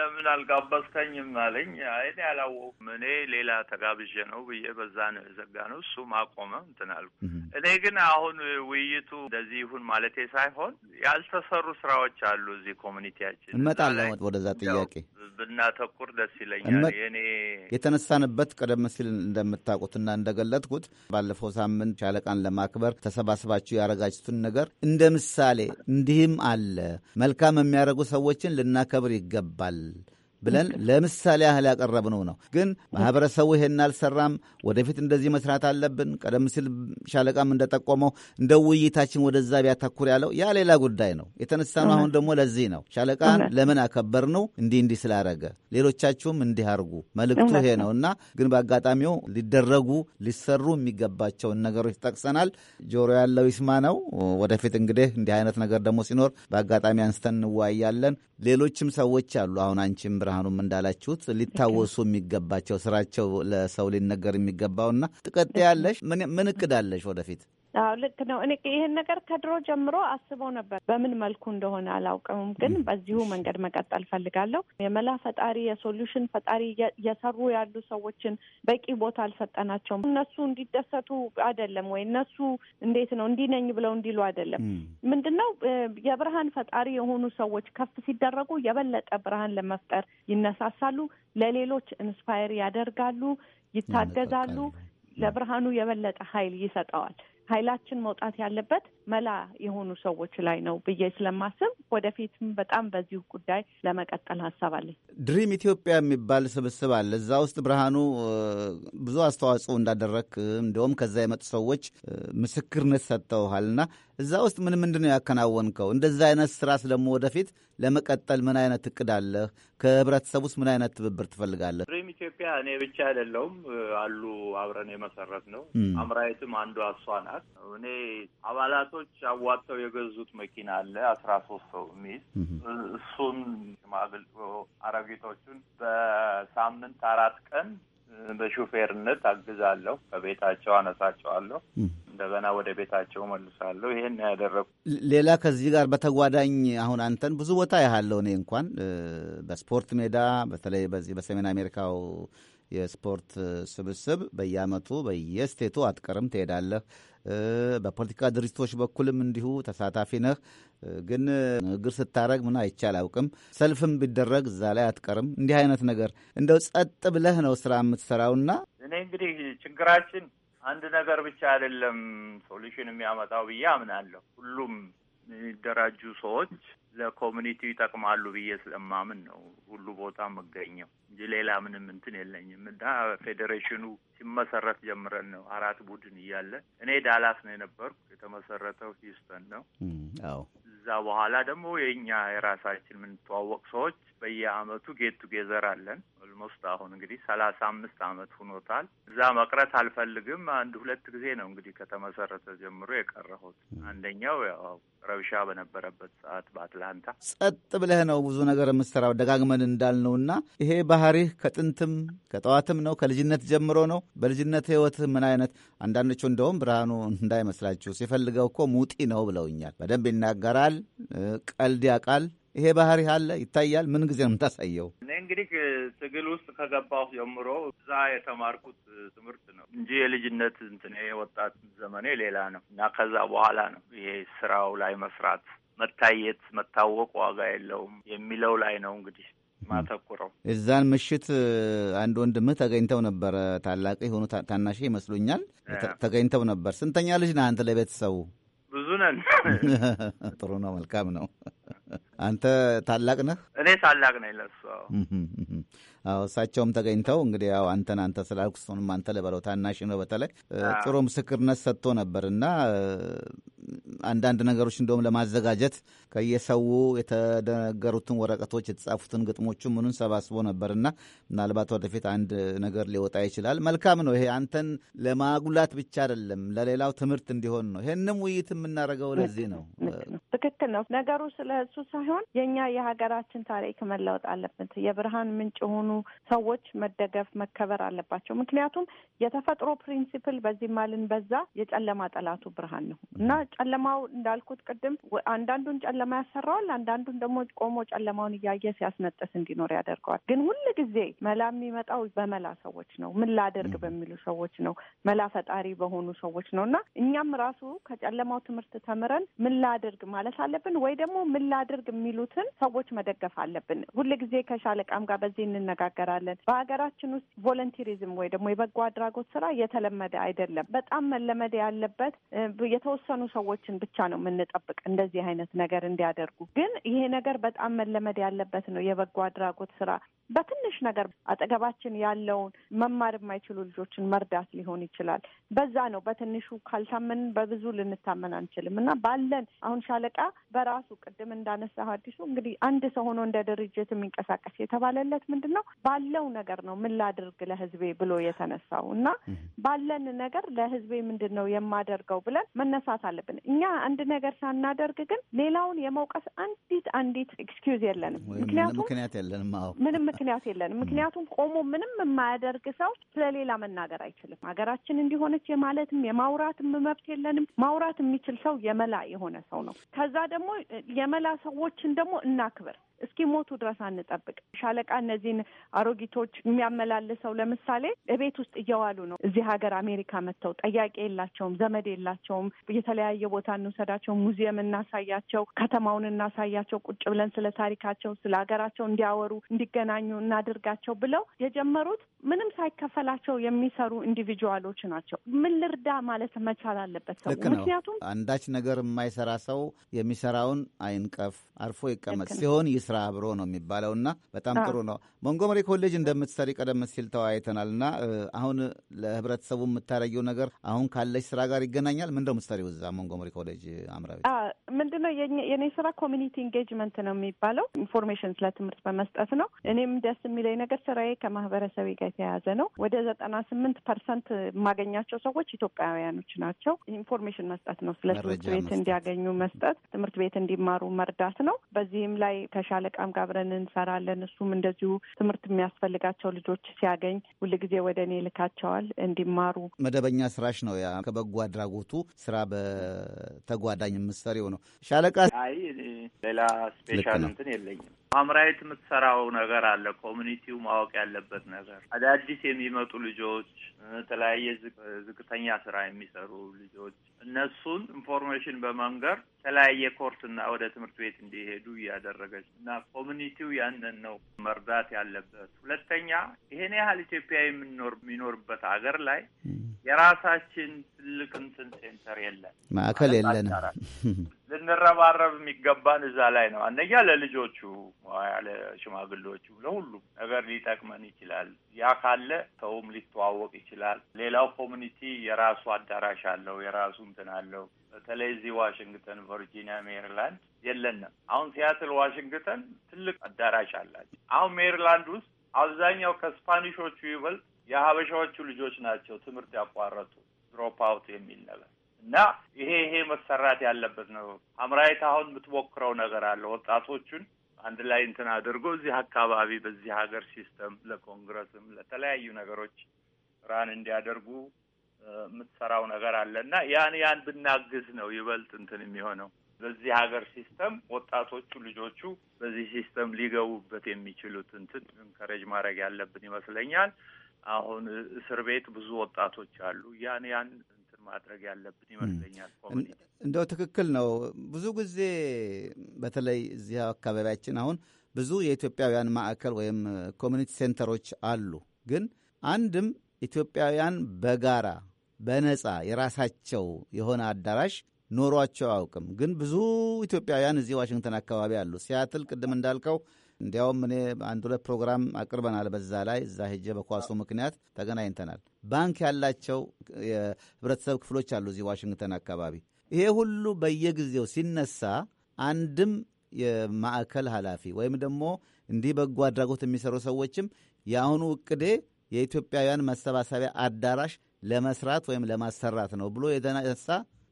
ለምን አልጋበዝከኝም አለኝ። እኔ አላወኩም። እኔ ሌላ ተጋብዤ ነው ብዬ በዛ ነው የዘጋ ነው። እሱም አቆመ እንትን አልኩ። እኔ ግን አሁን ውይይት በፊቱ እንደዚህ ይሁን ማለቴ ሳይሆን ያልተሰሩ ስራዎች አሉ። እዚህ ኮሚኒቲያችን እንመጣለን። ወደዛ ጥያቄ ብናተኩር ደስ ይለኛል። የኔ የተነሳንበት ቀደም ሲል እንደምታውቁትና እንደገለጥኩት ባለፈው ሳምንት ሻለቃን ለማክበር ተሰባስባችሁ ያረጋችሁትን ነገር እንደ ምሳሌ እንዲህም አለ መልካም የሚያደርጉ ሰዎችን ልናከብር ይገባል ብለን ለምሳሌ ያህል ያቀረብነው ነው። ግን ማህበረሰቡ ይሄን አልሰራም፣ ወደፊት እንደዚህ መስራት አለብን። ቀደም ሲል ሻለቃም እንደጠቆመው እንደ ውይይታችን ወደዛ ቢያተኩር ያለው ያ ሌላ ጉዳይ ነው። የተነሳነው አሁን ደግሞ ለዚህ ነው። ሻለቃን ለምን አከበርነው? እንዲህ እንዲህ ስላረገ፣ ሌሎቻችሁም እንዲህ አርጉ። መልእክቱ ይሄ ነው እና ግን በአጋጣሚው ሊደረጉ ሊሰሩ የሚገባቸውን ነገሮች ጠቅሰናል። ጆሮ ያለው ይስማ ነው። ወደፊት እንግዲህ እንዲህ አይነት ነገር ደግሞ ሲኖር በአጋጣሚ አንስተን እንወያያለን። ሌሎችም ሰዎች አሉ አሁን አንቺም ብርሃኑም እንዳላችሁት ሊታወሱ የሚገባቸው ስራቸው ለሰው ሊነገር የሚገባውና ትቀጥያለሽ። ምን እቅድ አለሽ ወደፊት? አዎ ልክ ነው። እኔ ይህን ነገር ከድሮ ጀምሮ አስበው ነበር። በምን መልኩ እንደሆነ አላውቅም፣ ግን በዚሁ መንገድ መቀጠል ፈልጋለሁ። የመላ ፈጣሪ የሶሉሽን ፈጣሪ እየሰሩ ያሉ ሰዎችን በቂ ቦታ አልሰጠናቸውም። እነሱ እንዲደሰቱ አይደለም ወይ እነሱ እንዴት ነው እንዲህ ነኝ ብለው እንዲሉ አይደለም። ምንድን ነው የብርሃን ፈጣሪ የሆኑ ሰዎች ከፍ ሲደረጉ የበለጠ ብርሃን ለመፍጠር ይነሳሳሉ፣ ለሌሎች ኢንስፓየር ያደርጋሉ፣ ይታገዛሉ። ለብርሃኑ የበለጠ ኃይል ይሰጠዋል። ኃይላችን መውጣት ያለበት መላ የሆኑ ሰዎች ላይ ነው ብዬ ስለማስብ ወደፊትም በጣም በዚሁ ጉዳይ ለመቀጠል ሀሳብ አለኝ። ድሪም ኢትዮጵያ የሚባል ስብስብ አለ። እዛ ውስጥ ብርሃኑ ብዙ አስተዋጽኦ እንዳደረግክ እንዲሁም ከዛ የመጡ ሰዎች ምስክርነት ሰጥተውሃልና እዛ ውስጥ ምን ምንድን ነው ያከናወንከው? እንደዛ አይነት ስራስ ደግሞ ወደፊት ለመቀጠል ምን አይነት እቅድ አለህ? ከህብረተሰብ ውስጥ ምን አይነት ትብብር ትፈልጋለህ? ድሪም ኢትዮጵያ እኔ ብቻ አይደለውም አሉ አብረን የመሰረት ነው። አምራየትም አንዷ እሷ ናት። እኔ አባላቶች አዋጥተው የገዙት መኪና አለ አስራ ሶስት ሰው የሚይዝ እሱን ሽማግል አረጊቶቹን በሳምንት አራት ቀን በሹፌርነት አግዛለሁ። በቤታቸው አነሳቸዋለሁ፣ እንደገና ወደ ቤታቸው መልሳለሁ። ይሄን ያደረጉ ሌላ ከዚህ ጋር በተጓዳኝ አሁን አንተን ብዙ ቦታ ያሃለሁ እኔ እንኳን በስፖርት ሜዳ በተለይ በዚህ በሰሜን አሜሪካው የስፖርት ስብስብ በየአመቱ በየስቴቱ አትቀርም፣ ትሄዳለህ። በፖለቲካ ድርጅቶች በኩልም እንዲሁ ተሳታፊ ነህ። ግን ንግግር ስታረግ ምን አይቻል አውቅም። ሰልፍም ቢደረግ እዛ ላይ አትቀርም። እንዲህ አይነት ነገር እንደው ጸጥ ብለህ ነው ስራ የምትሰራውና እኔ እንግዲህ ችግራችን አንድ ነገር ብቻ አይደለም ሶሉሽን የሚያመጣው ብዬ አምናለሁ። ሁሉም የሚደራጁ ሰዎች ለኮሚኒቲ ይጠቅማሉ ብዬ ስለማምን ነው ሁሉ ቦታ የምገኘው እንጂ ሌላ ምንም እንትን የለኝም። እና ፌዴሬሽኑ ሲመሰረት ጀምረን ነው አራት ቡድን እያለ እኔ ዳላስ ነው የነበርኩ። የተመሰረተው ሂውስተን ነው። እዛ በኋላ ደግሞ የእኛ የራሳችን የምንተዋወቅ ሰዎች በየአመቱ ጌት ቱጌዘር አለን። ኦልሞስት አሁን እንግዲህ ሰላሳ አምስት አመት ሁኖታል። እዛ መቅረት አልፈልግም። አንድ ሁለት ጊዜ ነው እንግዲህ ከተመሰረተ ጀምሮ የቀረሁት። አንደኛው ያው ረብሻ በነበረበት ሰዓት በአትላንታ ጸጥ ብለህ ነው ብዙ ነገር የምትሰራው ደጋግመን እንዳልነው እና ይሄ ባህሪህ ከጥንትም ከጠዋትም ነው ከልጅነት ጀምሮ ነው። በልጅነት ህይወት ምን አይነት አንዳንዶቹ እንደውም ብርሃኑ እንዳይመስላችሁ ሲፈልገው እኮ ሙጢ ነው ብለውኛል። በደንብ ይናገራል፣ ቀልድ ያውቃል፣ ይሄ ባህሪ አለ ይታያል። ምን ጊዜ ነው የምታሳየው? እኔ እንግዲህ ትግል ውስጥ ከገባሁ ጀምሮ እዛ የተማርኩት ትምህርት ነው እንጂ የልጅነት እንትን የወጣት ዘመኔ ሌላ ነው እና ከዛ በኋላ ነው ይሄ ስራው ላይ መስራት፣ መታየት፣ መታወቅ ዋጋ የለውም የሚለው ላይ ነው እንግዲህ ማተኩረው። እዛን ምሽት አንድ ወንድምህ ተገኝተው ነበር። ታላቅ የሆኑ ታናሽ ይመስሉኛል ተገኝተው ነበር። ስንተኛ ልጅ ነህ አንተ ለቤተሰቡ? ብዙ ነን። (laughs) ጥሩ ነው። መልካም ነው። አንተ ታላቅ ነህ? እኔ ታላቅ ነኝ ለሱ። አዎ እሳቸውም ተገኝተው እንግዲህ ያው አንተን አንተ ስላልኩ እሱንም አንተ ልበለው ታናሽ ነው። በተለይ ጥሩ ምስክርነት ሰጥቶ ነበር እና አንዳንድ ነገሮች እንደውም ለማዘጋጀት ከየሰው የተነገሩትን ወረቀቶች የተጻፉትን ግጥሞቹ ምኑን ሰባስቦ ነበርና ምናልባት ወደፊት አንድ ነገር ሊወጣ ይችላል። መልካም ነው። ይሄ አንተን ለማጉላት ብቻ አይደለም፣ ለሌላው ትምህርት እንዲሆን ነው። ይህንም ውይይት የምናደርገው ለዚህ ነው። ትክክል ነው። ነገሩ ስለ እሱ ሳይሆን የእኛ የሀገራችን ታሪክ መለወጥ አለበት። የብርሃን ምንጭ የሆኑ ሰዎች መደገፍ መከበር አለባቸው። ምክንያቱም የተፈጥሮ ፕሪንሲፕል በዚህ ማልን በዛ የጨለማ ጠላቱ ብርሃን ነው እና ጨለማ ጨለማው እንዳልኩት ቅድም አንዳንዱን ጨለማ ያሰራዋል፣ አንዳንዱን ደግሞ ቆሞ ጨለማውን እያየ ሲያስነጥስ እንዲኖር ያደርገዋል። ግን ሁል ጊዜ መላ የሚመጣው በመላ ሰዎች ነው፣ ምን ላደርግ በሚሉ ሰዎች ነው፣ መላ ፈጣሪ በሆኑ ሰዎች ነው። እና እኛም ራሱ ከጨለማው ትምህርት ተምረን ምን ላደርግ ማለት አለብን፣ ወይ ደግሞ ምን ላደርግ የሚሉትን ሰዎች መደገፍ አለብን። ሁል ጊዜ ከሻለቃም ጋር በዚህ እንነጋገራለን። በሀገራችን ውስጥ ቮለንቲሪዝም ወይ ደግሞ የበጎ አድራጎት ስራ የተለመደ አይደለም። በጣም መለመድ ያለበት የተወሰኑ ሰዎች ። ብቻ ነው የምንጠብቅ እንደዚህ አይነት ነገር እንዲያደርጉ። ግን ይሄ ነገር በጣም መለመድ ያለበት ነው። የበጎ አድራጎት ስራ በትንሽ ነገር አጠገባችን ያለውን መማር የማይችሉ ልጆችን መርዳት ሊሆን ይችላል። በዛ ነው በትንሹ ካልታመንን በብዙ ልንታመን አንችልም። እና ባለን አሁን ሻለቃ በራሱ ቅድም እንዳነሳ አዲሱ እንግዲህ አንድ ሰው ሆኖ እንደ ድርጅት የሚንቀሳቀስ የተባለለት ምንድን ነው ባለው ነገር ነው ምን ላድርግ ለህዝቤ ብሎ የተነሳው እና ባለን ነገር ለህዝቤ ምንድን ነው የማደርገው ብለን መነሳት አለብን። እኛ አንድ ነገር ሳናደርግ ግን ሌላውን የመውቀስ አንዲት አንዲት ኤክስኪውዝ የለንም። ምክንያቱም ምክንያት የለንም። አዎ ምንም ምክንያት የለንም። ምክንያቱም ቆሞ ምንም የማያደርግ ሰው ስለሌላ መናገር አይችልም። ሀገራችን እንዲሆነች የማለትም የማውራትም መብት የለንም። ማውራት የሚችል ሰው የመላ የሆነ ሰው ነው። ከዛ ደግሞ የመላ ሰዎችን ደግሞ እናክብር። እስኪ ሞቱ ድረስ አንጠብቅ። ሻለቃ እነዚህን አሮጊቶች የሚያመላልሰው ለምሳሌ እቤት ውስጥ እየዋሉ ነው። እዚህ ሀገር አሜሪካ መጥተው ጠያቂ የላቸውም፣ ዘመድ የላቸውም። የተለያየ ቦታ እንውሰዳቸው፣ ሙዚየም እናሳያቸው፣ ከተማውን እናሳያቸው፣ ቁጭ ብለን ስለ ታሪካቸው ስለ ሀገራቸው እንዲያወሩ እንዲገናኙ እናድርጋቸው ብለው የጀመሩት ምንም ሳይከፈላቸው የሚሰሩ ኢንዲቪጁዋሎች ናቸው። ምን ልርዳ ማለት መቻል አለበት ሰው። ምክንያቱም አንዳች ነገር የማይሰራ ሰው የሚሰራውን አይንቀፍ፣ አርፎ ይቀመጥ ሲሆን ስራ አብሮ ነው የሚባለው እና በጣም ጥሩ ነው። ሞንጎመሪ ኮሌጅ እንደምትሰሪ ቀደም ሲል ተወያይተናል እና አሁን ለህብረተሰቡ የምታረየው ነገር አሁን ካለች ስራ ጋር ይገናኛል። ምንድነው የምትሰሪው እዛ ሞንጎመሪ ኮሌጅ አምራቤት? ምንድነው የኔ ስራ ኮሚኒቲ ኢንጌጅመንት ነው የሚባለው። ኢንፎርሜሽን ስለ ትምህርት በመስጠት ነው። እኔም ደስ የሚለኝ ነገር ስራዬ ከማህበረሰቤ ጋር የተያያዘ ነው። ወደ ዘጠና ስምንት ፐርሰንት የማገኛቸው ሰዎች ኢትዮጵያውያኖች ናቸው። ኢንፎርሜሽን መስጠት ነው። ስለ ትምህርት ቤት እንዲያገኙ መስጠት፣ ትምህርት ቤት እንዲማሩ መርዳት ነው። በዚህም ላይ ተሻ አለቃም ጋር አብረን እንሰራለን። እሱም እንደዚሁ ትምህርት የሚያስፈልጋቸው ልጆች ሲያገኝ ሁልጊዜ ወደ እኔ ይልካቸዋል እንዲማሩ። መደበኛ ስራሽ ነው ያ። ከበጎ አድራጎቱ ስራ በተጓዳኝ የምትሰሪው ነው ሻለቃ? አይ ሌላ ስፔሻል እንትን የለኝም ማምራየት የምትሰራው ነገር አለ። ኮሚኒቲው ማወቅ ያለበት ነገር አዳዲስ የሚመጡ ልጆች፣ የተለያየ ዝቅተኛ ስራ የሚሰሩ ልጆች እነሱን ኢንፎርሜሽን በመንገር የተለያየ ኮርስ እና ወደ ትምህርት ቤት እንዲሄዱ እያደረገች እና ኮሚኒቲው ያንን ነው መርዳት ያለበት። ሁለተኛ ይሄን ያህል ኢትዮጵያ የምንኖር የሚኖርበት ሀገር ላይ የራሳችን ትልቅ እንትን ሴንተር የለን፣ ማዕከል የለንም። ልንረባረብ የሚገባን እዛ ላይ ነው። አንደኛ ለልጆቹ፣ ለሽማግሌዎቹ፣ ለሁሉም ነገር ሊጠቅመን ይችላል። ያ ካለ ሰውም ሊተዋወቅ ይችላል። ሌላው ኮሚኒቲ የራሱ አዳራሽ አለው፣ የራሱ እንትን አለው። በተለይ እዚህ ዋሽንግተን፣ ቨርጂኒያ፣ ሜሪላንድ የለንም። አሁን ሲያትል ዋሽንግተን ትልቅ አዳራሽ አላቸው። አሁን ሜሪላንድ ውስጥ አብዛኛው ከስፓኒሾቹ ይበልጥ የሀበሻዎቹ ልጆች ናቸው ትምህርት ያቋረጡ ድሮፕ አውት የሚል ነገር እና ይሄ ይሄ መሰራት ያለበት ነው። አምራይት አሁን የምትሞክረው ነገር አለ። ወጣቶቹን አንድ ላይ እንትን አድርጎ እዚህ አካባቢ በዚህ ሀገር ሲስተም ለኮንግረስም ለተለያዩ ነገሮች ራን እንዲያደርጉ የምትሰራው ነገር አለ እና ያን ያን ብናግዝ ነው ይበልጥ እንትን የሚሆነው በዚህ ሀገር ሲስተም ወጣቶቹ ልጆቹ በዚህ ሲስተም ሊገቡበት የሚችሉት እንትን እንከረጅ ማድረግ ያለብን ይመስለኛል። አሁን እስር ቤት ብዙ ወጣቶች አሉ። ያን ያን ማድረግ ያለብን ይመስለኛል። እንደው ትክክል ነው። ብዙ ጊዜ በተለይ እዚህ አካባቢያችን አሁን ብዙ የኢትዮጵያውያን ማዕከል ወይም ኮሚኒቲ ሴንተሮች አሉ። ግን አንድም ኢትዮጵያውያን በጋራ በነጻ የራሳቸው የሆነ አዳራሽ ኖሯቸው አያውቅም። ግን ብዙ ኢትዮጵያውያን እዚህ ዋሽንግተን አካባቢ አሉ። ሲያትል ቅድም እንዳልከው እንዲያውም እኔ አንድ ሁለት ፕሮግራም አቅርበናል። በዛ ላይ እዛ ሄጄ በኳሱ ምክንያት ተገናኝተናል። ባንክ ያላቸው የህብረተሰብ ክፍሎች አሉ እዚህ ዋሽንግተን አካባቢ። ይሄ ሁሉ በየጊዜው ሲነሳ አንድም የማዕከል ኃላፊ ወይም ደግሞ እንዲህ በጎ አድራጎት የሚሰሩ ሰዎችም የአሁኑ እቅዴ የኢትዮጵያውያን መሰባሰቢያ አዳራሽ ለመስራት ወይም ለማሰራት ነው ብሎ የተነሳ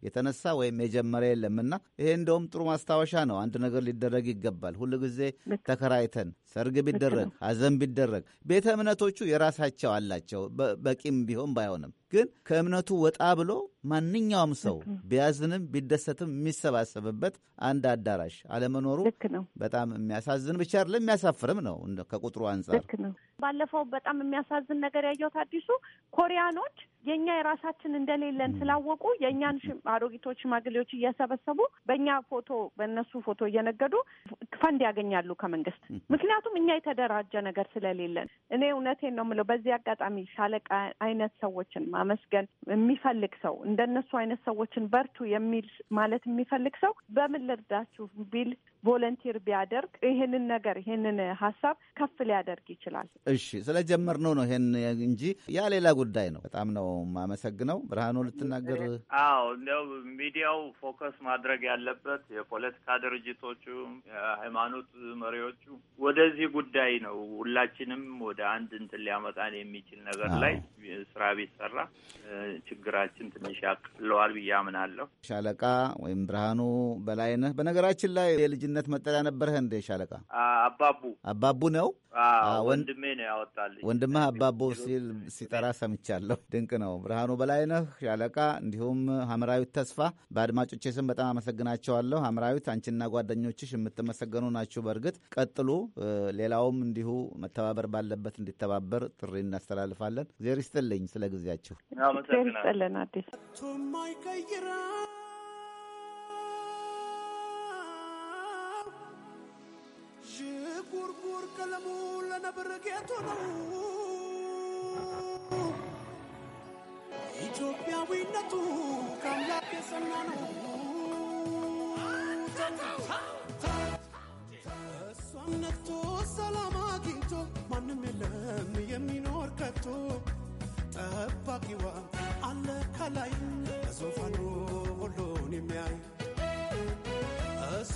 የተነሳ ወይም የጀመረ የለምና ይሄ እንደውም ጥሩ ማስታወሻ ነው። አንድ ነገር ሊደረግ ይገባል። ሁሉ ጊዜ ተከራይተን ሰርግ ቢደረግ ሀዘን ቢደረግ ቤተ እምነቶቹ የራሳቸው አላቸው። በቂም ቢሆን ባይሆንም ግን ከእምነቱ ወጣ ብሎ ማንኛውም ሰው ቢያዝንም ቢደሰትም የሚሰባሰብበት አንድ አዳራሽ አለመኖሩ በጣም የሚያሳዝን ብቻ አይደለም የሚያሳፍርም ነው ከቁጥሩ አንጻር። ባለፈው በጣም የሚያሳዝን ነገር ያየሁት አዲሱ ኮሪያኖች የእኛ የራሳችን እንደሌለን ስላወቁ የእኛን አሮጊቶች ሽማግሌዎች እያሰበሰቡ በእኛ ፎቶ በእነሱ ፎቶ እየነገዱ ፈንድ ያገኛሉ ከመንግስት ምክንያቱ ምክንያቱም እኛ የተደራጀ ነገር ስለሌለን። እኔ እውነቴን ነው የምለው። በዚህ አጋጣሚ ሻለቃ አይነት ሰዎችን ማመስገን የሚፈልግ ሰው እንደነሱ አይነት ሰዎችን በርቱ የሚል ማለት የሚፈልግ ሰው በምን ልርዳችሁ ቢል ቮለንቲር ቢያደርግ ይህንን ነገር ይህንን ሀሳብ ከፍ ሊያደርግ ይችላል። እሺ ስለጀመርነው ነው ይሄን እንጂ ያ ሌላ ጉዳይ ነው። በጣም ነው የማመሰግነው። ብርሃኑ ልትናገር? አዎ እንደው ሚዲያው ፎከስ ማድረግ ያለበት የፖለቲካ ድርጅቶቹ፣ የሃይማኖት መሪዎቹ ወደዚህ ጉዳይ ነው። ሁላችንም ወደ አንድ እንትን ሊያመጣን የሚችል ነገር ላይ ስራ ቢሰራ ችግራችን ትንሽ ያቅለዋል ብዬ አምናለሁ። ሻለቃ ወይም ብርሃኑ በላይነህ በነገራችን ላይ የልጅ የልጅነት መጠሪያ ነበረህ እንዴ ሻለቃ አባቡ አባቡ ነው? ወንድሜ ነው ያወጣልኝ። ወንድምህ አባቡ ሲል ሲጠራ ሰምቻለሁ። ድንቅ ነው። ብርሃኑ በላይነህ ሻለቃ፣ እንዲሁም ሀምራዊት ተስፋ በአድማጮቼ ስም በጣም አመሰግናቸዋለሁ። ሀምራዊት፣ አንቺና ጓደኞችሽ የምትመሰገኑ ናችሁ። በእርግጥ ቀጥሉ። ሌላውም እንዲሁ መተባበር ባለበት እንዲተባበር ጥሪ እናስተላልፋለን። እግዜር ይስጥልኝ ስለ ጊዜያችሁ። አዲስ ዥጉርጉር ቀለሙ ለነብር ጌቱ ነው። ኢትዮጵያዊነቱ ከአምላክ የሰና ነው። እሷም ነቶ ሰላም አግኝቶ ማንም የለም የሚኖር ከቶ ጠባቂዋ አለ ከላይ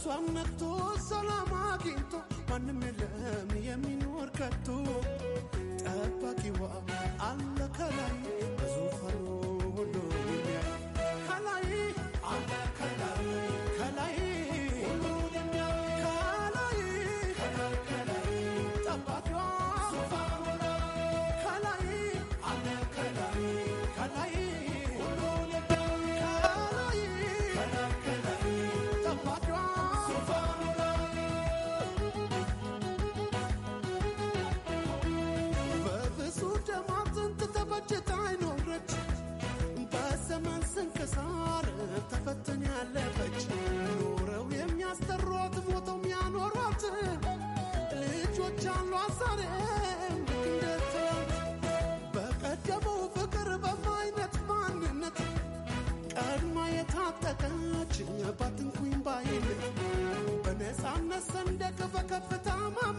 እሷም ነቅቶ ሰላም አግኝቶ ማንም የለም የሚኖር ከቶ ጠባቂዋ አለ ከላይ ስትፈትን ያለፈች ኖረው የሚያስጠሯት ሞተው የሚያኖሯት ልጆች አሏት ዛሬም እንደትናንት በቀደመው ፍቅር በማይነት ማንነት ቀድማ የታጠቀች ባትንኩኝ ባይነት በነፃነት ሰንደቅ በከፍታ ማ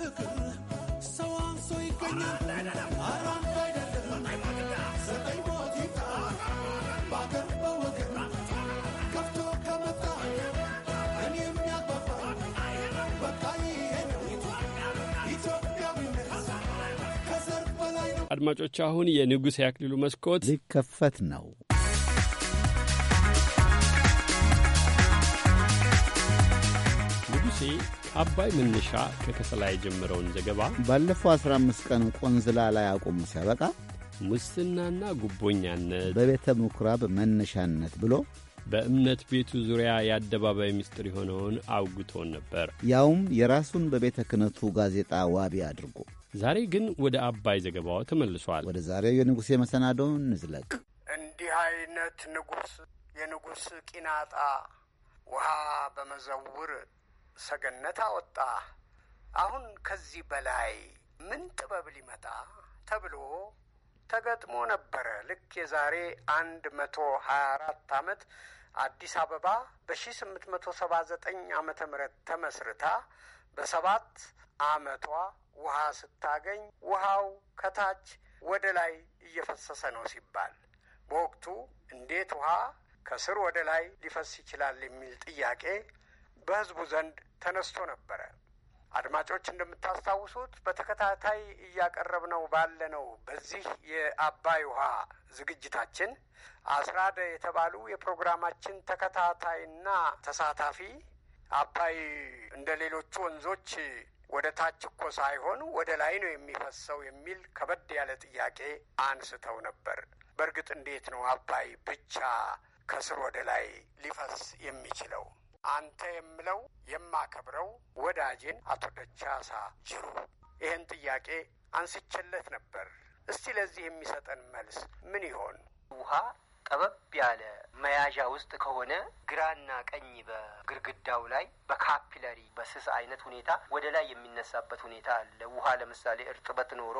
ፍቅር ሰው አንሶ ይገኛል። አራንቶ አይደለም ዘጠኝ ሞት ይታ በአገር በወገን ከፍቶ ከመጣ እኔ የሚያግባባ በቃ ይሄ ነው ኢትዮጵያዊነት ከዘር በላይ ነው። አድማጮች፣ አሁን የንጉሴ አክሊሉ መስኮት ሊከፈት ነው። ንጉሴ አባይ መነሻ ከከሰላ የጀመረውን ዘገባ ባለፈው 15 ቀን ቆንዝላ ላይ አቁሙ ሲያበቃ ሙስናና ጉቦኛነት በቤተ ምኩራብ መነሻነት ብሎ በእምነት ቤቱ ዙሪያ የአደባባይ ምስጢር የሆነውን አውግቶን ነበር። ያውም የራሱን በቤተ ክነቱ ጋዜጣ ዋቢ አድርጎ። ዛሬ ግን ወደ አባይ ዘገባው ተመልሷል። ወደ ዛሬው የንጉሴ መሰናዶ እንዝለቅ። እንዲህ አይነት ንጉሥ የንጉሥ ቂናጣ ውሃ በመዘውር ሰገነት አወጣ። አሁን ከዚህ በላይ ምን ጥበብ ሊመጣ ተብሎ ተገጥሞ ነበረ። ልክ የዛሬ አንድ መቶ ሀያ አራት አመት አዲስ አበባ በሺ ስምንት መቶ ሰባ ዘጠኝ አመተ ምህረት ተመስርታ በሰባት አመቷ ውሃ ስታገኝ ውሃው ከታች ወደ ላይ እየፈሰሰ ነው ሲባል በወቅቱ እንዴት ውሃ ከስር ወደ ላይ ሊፈስ ይችላል የሚል ጥያቄ በሕዝቡ ዘንድ ተነስቶ ነበረ። አድማጮች እንደምታስታውሱት በተከታታይ እያቀረብነው ባለነው በዚህ የአባይ ውሃ ዝግጅታችን አስራደ የተባሉ የፕሮግራማችን ተከታታይና ተሳታፊ አባይ እንደ ሌሎቹ ወንዞች ወደ ታች እኮ ሳይሆን ወደ ላይ ነው የሚፈሰው የሚል ከበድ ያለ ጥያቄ አንስተው ነበር። በእርግጥ እንዴት ነው አባይ ብቻ ከስር ወደ ላይ ሊፈስ የሚችለው? አንተ የምለው የማከብረው ወዳጄን አቶ ደቻሳ ጅሩ ይህን ጥያቄ አንስቼለት ነበር። እስቲ ለዚህ የሚሰጠን መልስ ምን ይሆን? ውሃ ጠበብ ያለ መያዣ ውስጥ ከሆነ ግራና ቀኝ በግርግዳው ላይ በካፒለሪ በስስ አይነት ሁኔታ ወደ ላይ የሚነሳበት ሁኔታ አለ። ውሃ ለምሳሌ እርጥበት ኖሮ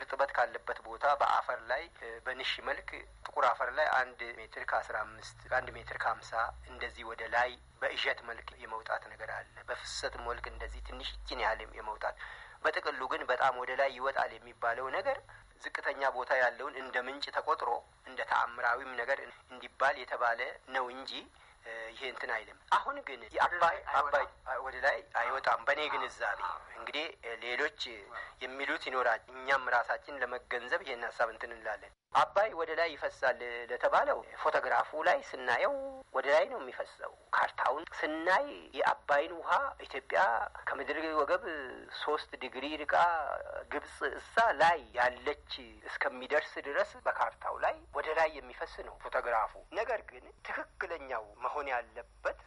እርጥበት ካለበት ቦታ በአፈር ላይ በንሽ መልክ ጥቁር አፈር ላይ አንድ ሜትር ከአስራ አምስት አንድ ሜትር ከሀምሳ እንደዚህ ወደ ላይ በእዠት መልክ የመውጣት ነገር አለ። በፍሰት መልክ እንደዚህ ትንሽ ይችን ያህል የመውጣት በጥቅሉ ግን በጣም ወደ ላይ ይወጣል የሚባለው ነገር ዝቅተኛ ቦታ ያለውን እንደ ምንጭ ተቆጥሮ እንደ ተአምራዊም ነገር እንዲባል የተባለ ነው እንጂ ይሄ እንትን አይልም። አሁን ግን አባይ አባይ ወደ ላይ አይወጣም። በእኔ ግንዛቤ እንግዲህ ሌሎች የሚሉት ይኖራል። እኛም ራሳችን ለመገንዘብ ይሄን ሀሳብ እንትን እንላለን። አባይ ወደ ላይ ይፈሳል ለተባለው ፎቶግራፉ ላይ ስናየው ወደ ላይ ነው የሚፈሰው። ካርታውን ስናይ የአባይን ውሃ ኢትዮጵያ ከምድር ወገብ ሶስት ዲግሪ ርቃ ግብጽ እዛ ላይ ያለች እስከሚደርስ ድረስ በካርታው ላይ ወደ ላይ የሚፈስ ነው ፎቶግራፉ። ነገር ግን ትክክለኛው መሆን ያለበት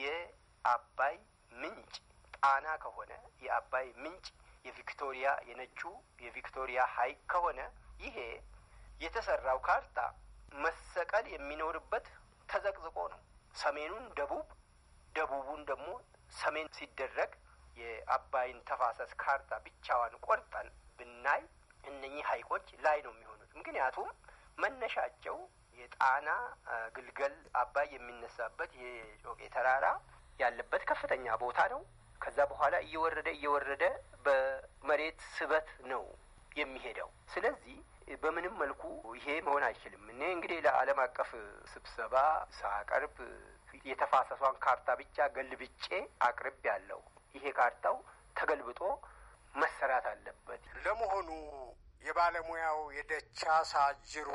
የአባይ ምንጭ ጣና ከሆነ የአባይ ምንጭ የቪክቶሪያ የነጩ የቪክቶሪያ ሐይቅ ከሆነ ይሄ የተሰራው ካርታ መሰቀል የሚኖርበት ተዘቅዝቆ ነው። ሰሜኑን ደቡብ ደቡቡን ደግሞ ሰሜን ሲደረግ የአባይን ተፋሰስ ካርታ ብቻዋን ቆርጠን ብናይ እነኚህ ሐይቆች ላይ ነው የሚሆኑት። ምክንያቱም መነሻቸው የጣና ግልገል አባይ የሚነሳበት የጮቄ ተራራ ያለበት ከፍተኛ ቦታ ነው። ከዛ በኋላ እየወረደ እየወረደ በመሬት ስበት ነው የሚሄደው። ስለዚህ በምንም መልኩ ይሄ መሆን አይችልም። እኔ እንግዲህ ለዓለም አቀፍ ስብሰባ ሳቀርብ የተፋሰሷን ካርታ ብቻ ገልብጬ አቅርብ ያለው ይሄ ካርታው ተገልብጦ መሰራት አለበት። ለመሆኑ የባለሙያው የደቻ ሳጅሩ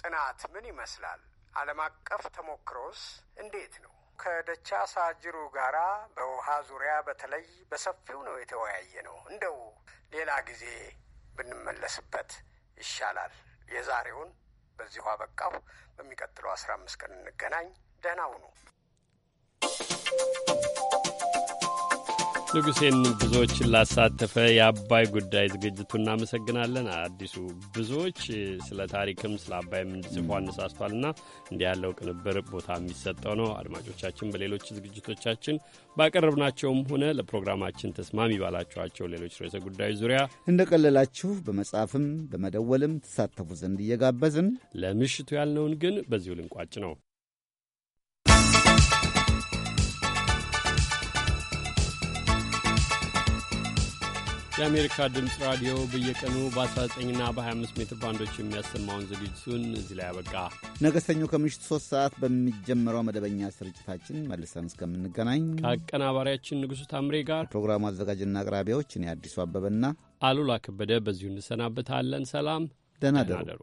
ጥናት ምን ይመስላል? ዓለም አቀፍ ተሞክሮስ እንዴት ነው? ከደቻሳ ጅሩ ጋራ በውሃ ዙሪያ በተለይ በሰፊው ነው የተወያየ ነው። እንደው ሌላ ጊዜ ብንመለስበት ይሻላል። የዛሬውን በዚሁ አበቃሁ። በሚቀጥለው አስራ አምስት ቀን እንገናኝ። ደህና ሁኑ። ንጉሴን ብዙዎችን ላሳተፈ የአባይ ጉዳይ ዝግጅቱ እናመሰግናለን። አዲሱ ብዙዎች ስለ ታሪክም ስለ አባይም እንዲጽፉ አነሳስቷልና እንዲህ ያለው ቅንብር ቦታ የሚሰጠው ነው። አድማጮቻችን በሌሎች ዝግጅቶቻችን ባቀረብናቸውም ሆነ ለፕሮግራማችን ተስማሚ ባላችኋቸው ሌሎች ርዕሰ ጉዳዮች ዙሪያ እንደቀለላችሁ በመጻፍም በመደወልም ትሳተፉ ዘንድ እየጋበዝን ለምሽቱ ያልነውን ግን በዚሁ ልንቋጭ ነው። የአሜሪካ ድምፅ ራዲዮ በየቀኑ በ19ና በ25 ሜትር ባንዶች የሚያሰማውን ዝግጅቱን እዚህ ላይ ያበቃ። ነገ ሰኞ ከምሽቱ ሶስት ሰዓት በሚጀምረው መደበኛ ስርጭታችን መልሰን እስከምንገናኝ ከአቀናባሪያችን ንጉሡ ታምሬ ጋር ፕሮግራሙ አዘጋጅና አቅራቢዎች እኔ አዲሱ አበበና አሉላ ከበደ በዚሁ እንሰናበታለን። ሰላም፣ ደህና ደሩ።